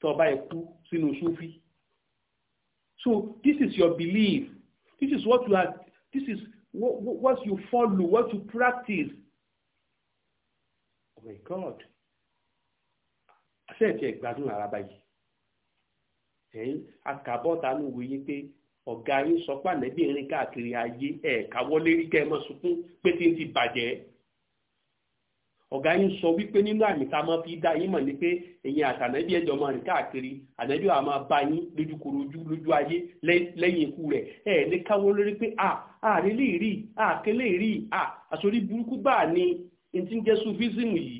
tó ikú sínú súfí so this is your belief this is what you are this is what, what you follow what you practice oh my god àṣẹ ìtì ẹgbàdùn ara báyìí ẹ̀yìn akàbọ̀tà ló wòye pé ọ̀gá yín sọ pé ànẹ́bí rìn káàkiri ayé ẹ̀ẹ̀ka wọlé rí kẹ́ ẹ mọ́ sunkún pé tí ń ti bàjẹ́ ọ̀gá yín sọ wípé nínú àmì tá a máa fi dá yín mọ̀ ni pé ẹ̀yin àtànẹ́bí ẹ̀jọ̀ máa rìn káàkiri ànẹ́bí wa máa bá yín lójúkorojú lójú ayé lẹ́yìn ikú rẹ̀ ẹ̀ ní káwọ́ lórí pé à àrí lè rí àké lè rí à àsorí burúkú gbà ni n ti ń jẹ́ sufism yìí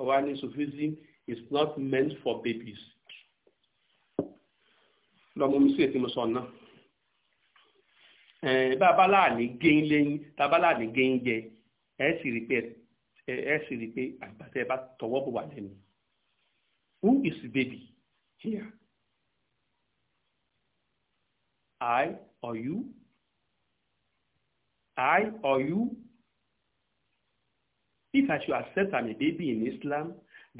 ọ̀wá ni sufism is not meant for babies lọ́mọ mi sí ètí mo sọ náà bàbá láàní géyín lẹ́yìn bàbá láàní géyín jẹ ẹ sì rí pé ẹ sì rí pé àgbàtẹ bá tọwọ́ bò wà lẹ́nu who is baby here I or you I or you if I should accept I'm a baby in Islam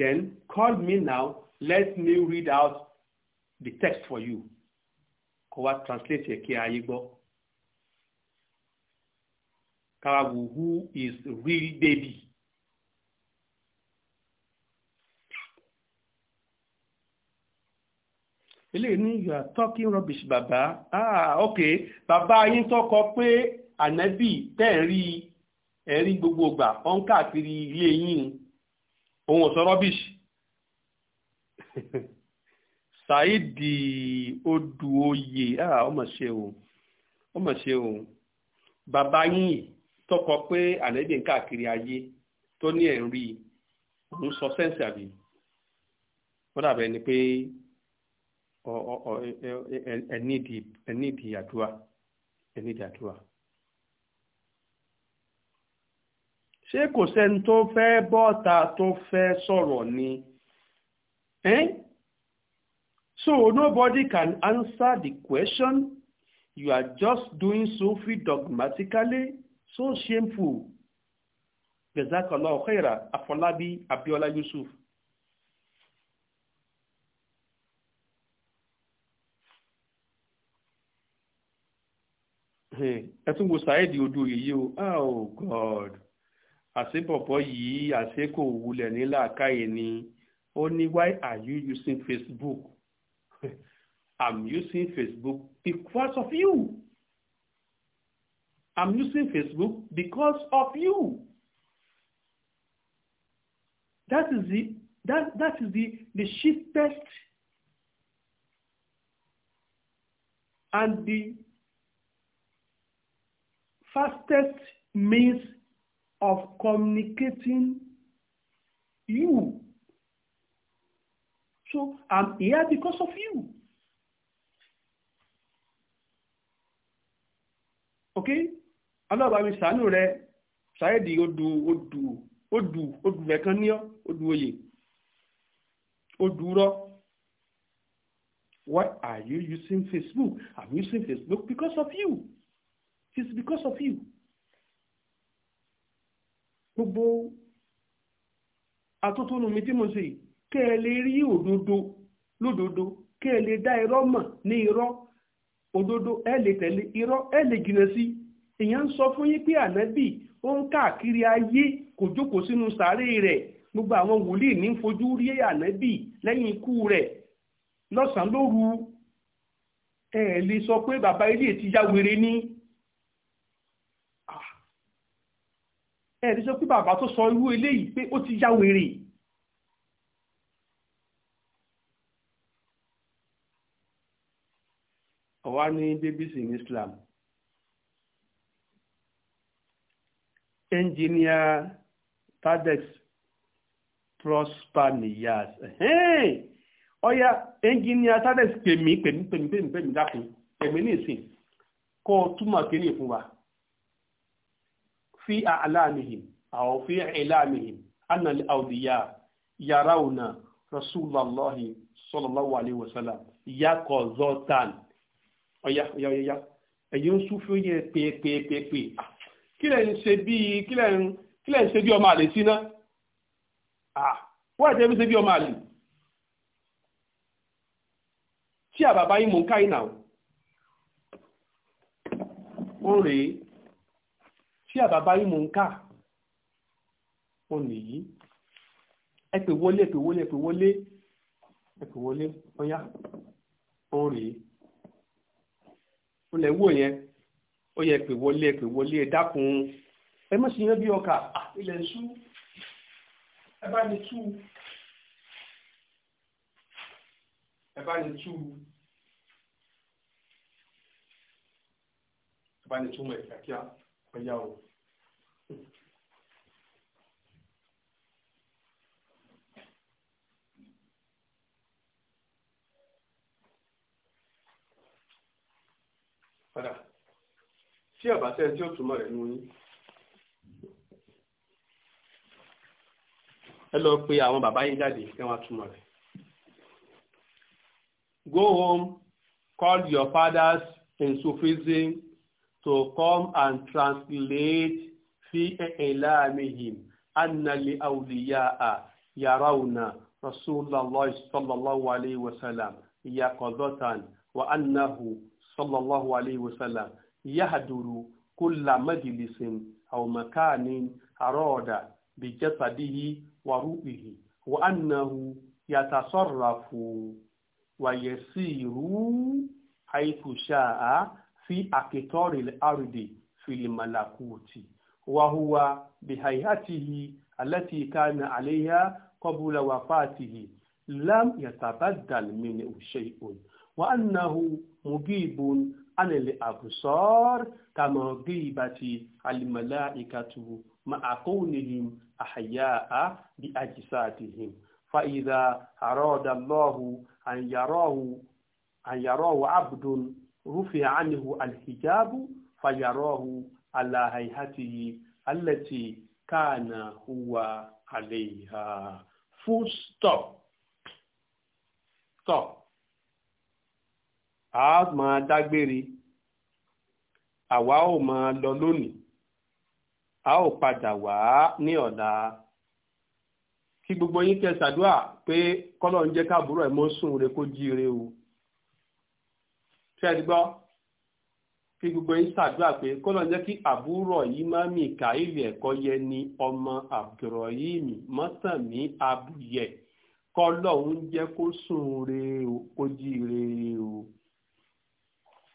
then call me now let me read out the text for you kó wá translate ẹ̀ kí ayé gbọ́ káwa wò who is real baby. eléyìí ní you are talking rubbish bàbá ah ok bàbá yín tọkọ pé ànábì tẹ́ ẹ̀ rí ẹ̀ rí gbogbo ìgbà ọ̀n káàkiri ilé yín òun ò sọ rubbish ṣáìdì odù oyè ọmọ ah, ṣe o ọmọ ṣe o bàbá yín tọkọ pé ànábì ń káàkiri ayé tó ní ẹ̀ ń rí òun sọ sẹ́ǹsì àbí wọ́n dàbẹ̀ ni pé ẹ nídi àdúrà ẹ nídi àdúrà. ṣé kò sẹ́ni tó fẹ́ bọ́ta tó fẹ́ sọ̀rọ̀ ni? So nobody can answer the question. You are just doing so Sufi dogmatically. So shameful. Jazakallah khaira Afolabi Abiola Yusuf. Hey, tún wo Saheed odò yìí o ah, oh God àṣepọ̀pọ̀ yìí àṣekò wulẹ̀ ní làákàyè ni ó ní why are you using Facebook? I'm using Facebook because of you. I'm using Facebook because of you. That is the that that is the the cheapest and the fastest means of communicating you So I'm here because of you. Okay? Ọlọ́ọ̀bá mi sàánú rẹ̀ ṣáyẹ̀dì odù odù odù odù mẹ́kan ní ọ́ odù oyè odù Why are you using Facebook? I'm using Facebook because of you. It's because of you. Gbogbo atótónu mi tí mo ṣe yìí kẹ́ ẹ lè rí òdodo lódodo kẹ́ ẹ lè dá irọ́ mọ̀ ní irọ́ òdodo ẹ lè tẹ̀lé irọ́ ẹ lè jìnnà sí èèyàn ń sọ fún yín pé ànábì ó ń káàkiri ayé kò jókòó sínú sàárè rẹ̀ gbogbo àwọn wòlíì ní fojú rí ànábì lẹ́yìn ikú rẹ̀ lọ́sàn lóru ẹ lè sọ pé bàbá ilé ti ya wèrè ni ah. ẹ lè sọ pé bàbá tó sọ irú eléyìí pé ó ti ya wèrè. ọwá ní babies in Islam ẹnjìníà tadex prosper niyas ọya ẹnjìníà tadex pèmí pèmí pèmí pèmí pèmí dákun pèmí ní ìsìn kó o túmọ̀ wa fi àlàmìhìn àwọn fi ìlàmìhìn annal awdiya yarawna rasulallahi sallallahu alaihi wasallam yakọ̀ zọ́tàn ọ̀yá ọ̀yá ọ̀yá ẹ̀yin ń sún fún yẹn pèpèpèpè ah, kí lẹ̀ ń ṣe bíi kí lẹ̀ ń kí lẹ̀ ń ṣe bíi ọmọ àlè sí náà ah, wọ́n àti ẹbí ṣe bíi ọmọ àlè tí àbàbá yín mò ń káyìn náà ó rèé tí àbàbá yín mò ń ká ó nìyí ẹ pè wọlé ẹ pè wọlé ẹ ń lẹ̀ wò yẹn ó yẹ pè wọlé pè wọlé ẹ dákun ẹ má sì yẹn bí ọkà ah, ilẹ̀ ń sú ẹ bá ní tú ẹ bá ní tú ẹ bá ní tú mọ̀ ẹ̀ka kíá ọ̀yá o. padà tí àbáṣẹ́ tí ó túmọ̀ rẹ̀ nù yín. ẹ lọ pe àwọn bàbá yín jáde kí wọ́n túmọ̀ rẹ̀. Go home, call your fathers in Sufism to come and translate fi ẹ̀ẹ́lámihìm annali awliya'a yarawna rasulallah sallallahu alayhi wa sallam yaqadatan wa annahu sallallahu alayhi wa sallam yahduru kulla majlisin aw makanin aroda bi jasadihi wa ruhihi wa annahu yatasarrafu wa yasiru haythu sha'a fi akitori al-ardi fi al-malakuti wa huwa bi hayatihi التي كان عليها قبل وفاته لم يتبدل منه شيء wa annahu mugibun anil absar kama ghibati al malaikatu ma'a kaunihim ahya'a bi ajsadihim fa idha arada Allahu an yarahu an yarahu 'abdun rufi'a anhu al hijabu fayarahu ala hayhatihi allati kana huwa alayha full stop stop a máa dágbére àwa ò máa lọ lónìí a ó padà wá ní ọ̀la kí gbogbo yín ṣàdúrà pé kọ́lọ̀ ń jẹ́ káàbúrò ẹ̀ mọ́ sùn rẹ kó o kí gbogbo yín ṣàdúrà pé ń jẹ́ kí àbúrò yìí má mì ẹ̀kọ́ yẹ ni ọmọ ń jẹ́ kó sùn rẹ o o.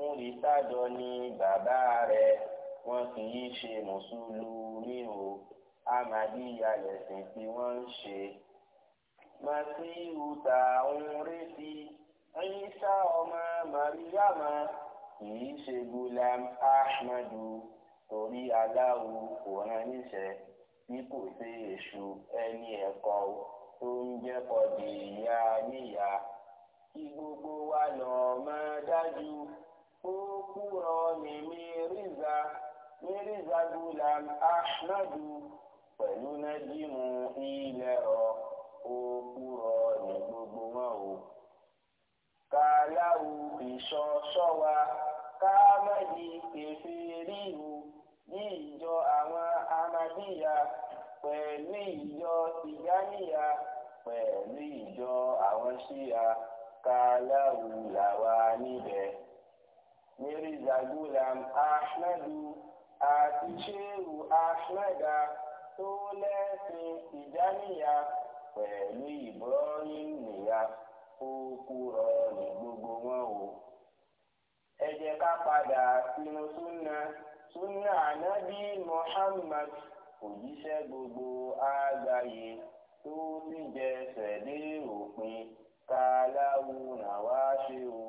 múri sádọ ni bàbá rẹ̀ wọ́n kì í ṣe mùsùlùmí o amadiya lẹ̀sìn tí wọ́n ń ṣe. masihu tá ń retí Ìsá ọmọ mariama kì í ṣe gulam ahmadu torí aláwo kò rán níṣẹ́ bí kò sí èṣù ẹni ẹ̀kọ́ tó ń jẹ́ kọ́dì ìyá níyà kí gbogbo wa lọ́ọ́ máa dájú kúrọ̀ ní mírízà mírízà gulam ahmadu pẹ̀lú nájímù ilẹ̀ ọ̀ òkúrọ̀ ní gbogbo wọn o. kàláwù ìṣọṣọ wa káàmẹ́jì kẹfì ríru ní ìjọ àwọn amadíyà pẹ̀lú ìjọ tìjáníyà pẹ̀lú ìjọ àwọn ṣíyà kàláwù làwa níbẹ̀. Mere zagulam ahmadu àti shehu ahmada tó lẹ́sìn ìdáníyà pẹ̀lú ibrahim nìyà ó kúrọ̀ ní gbogbo wọn o. ẹ ká padà sínú súnà súnà ànábì muhammad òjíṣẹ́ gbogbo àgbáyé tó ti jẹsẹ̀ dé òpin ká láwùrán wá ṣe o.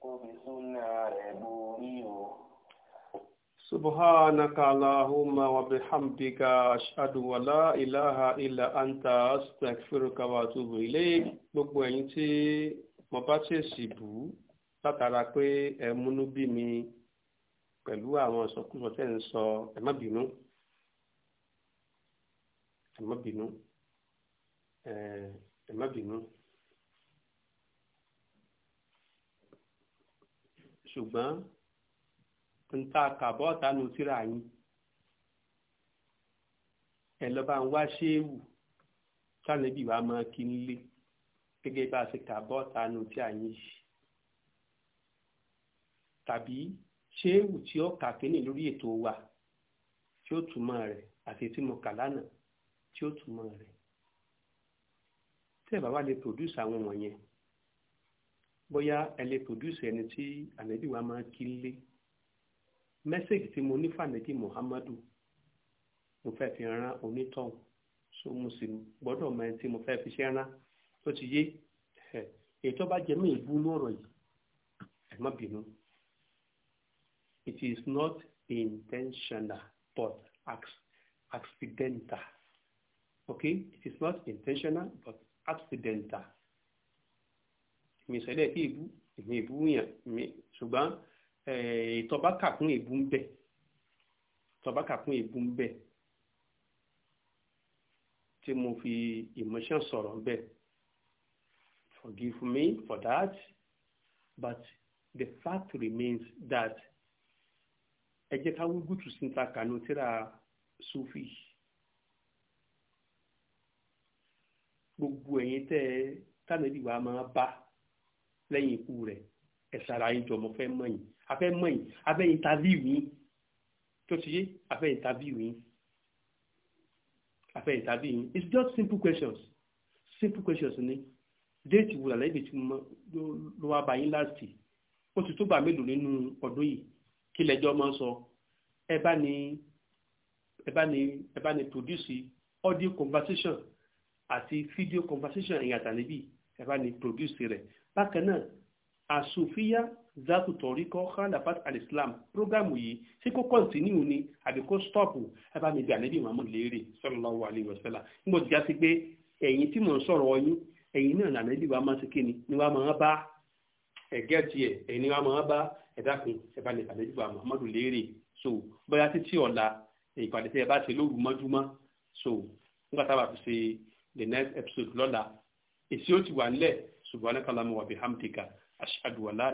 سبحانك اللهم وبحمدك أشهد أن لا إله إلا أنت أستغفرك وأتوب إليك gbogbo ẹ̀yin tí mo bá ṣèṣì bù pẹ̀lú àwọn ìsọkúsọ tẹ́ ń sọ ẹ má bínú ẹ má bínú ẹ má bínú. ṣùgbọ́n ń ta kàbọ́ ọ̀tánu síra yín ẹ lọ bá ń wá ṣéwù sánibí wa máa kí ń lé gẹ́gẹ́ bá a ṣe kàbọ́ ọ̀tánu tí a yín yìí tàbí ṣéwù tí ó kà kíní lórí ètò wa tí ó túmọ̀ rẹ̀ àti tí mo kà lánàá tí ó túmọ̀ rẹ̀ tẹ́ẹ̀ bá wà lè pòdúsì àwọn wọ̀nyẹn bóyá ẹ lè pòdúsì ẹni tí ànẹ́bí wa máa kí lé mẹ́sẹ̀gì tí mo ní fànẹ́bí Muhammadu mo fẹ́ fi rán onítọ̀hún so mo sì gbọ́dọ̀ mọ ẹni tí mo fẹ́ fi ṣe rán tó ti yé ètò bá jẹ́ mí ìbú lọ́rọ̀ yìí ẹ má bínú it is not intentional but accidental okay it is not intentional but accidental mi sẹ́lẹ̀ kí ìbú èmi ìbú yàn mi ṣùgbọ́n ìtọ́ba kàkún ìbú ń bẹ̀ ìtọ́ba kàkún ìbú ń bẹ̀ tí mo fi emotion sọ̀rọ̀ ń bẹ̀ forgive me for that but the fact remains that ẹ jẹ́ ká wúgú tù sí ta kànú tíra sufi gbogbo ẹ̀yin tẹ́ tánàbí wa máa bá lẹ́yìn ikú rẹ̀ ẹ sara yín jọ mo fẹ́ mọ̀ yín afẹ́ mọ̀ yín afẹ́ intaviu yín tó ti yé afẹ́ intaviu yín afẹ́ intaviu yín it's just simple questions simple questions ni déètì wo làlẹ́ ibi tí mo lọ wá bá yín láti ó ti tó gbà mélòó nínú ọdún yìí kí lẹ́jọ́ máa sọ ẹ bá ní ẹ bá ní ẹ bá ní produce audio conversation àti video conversation ẹ̀yìn àtàlẹ́bí ẹ bá ní produce rẹ̀ bákan náà àsòfíà zatu tọ̀ríkọ́ khalafat alislam prógámù yìí ṣé kó kọ́ntínú ni àbí kó stọ́ọ̀pù abámidì ànábì muhammed léèrè sallallahu alaihi wasallam nígbà tí a ti pé ẹ̀yìn tí mò ń sọ̀rọ̀ ọyún ẹ̀yìn náà lànà ìdíwà máa ṣe kí ni ni wàá máa bá ẹ̀gẹ́ tiẹ̀ ẹ̀yìn ni wàá máa bá ẹ̀dákun ẹ̀bá lè lànà ìdíwà muhammed léèrè so bóyá títí ọ̀la ìpàdé tẹ́ ẹ bá ṣe lóru mọ́júmọ́ so nígbà táwa fi ṣe the next episode lọ́la èsì ó ti subhanaka allahumma wa bihamdika ashhadu an la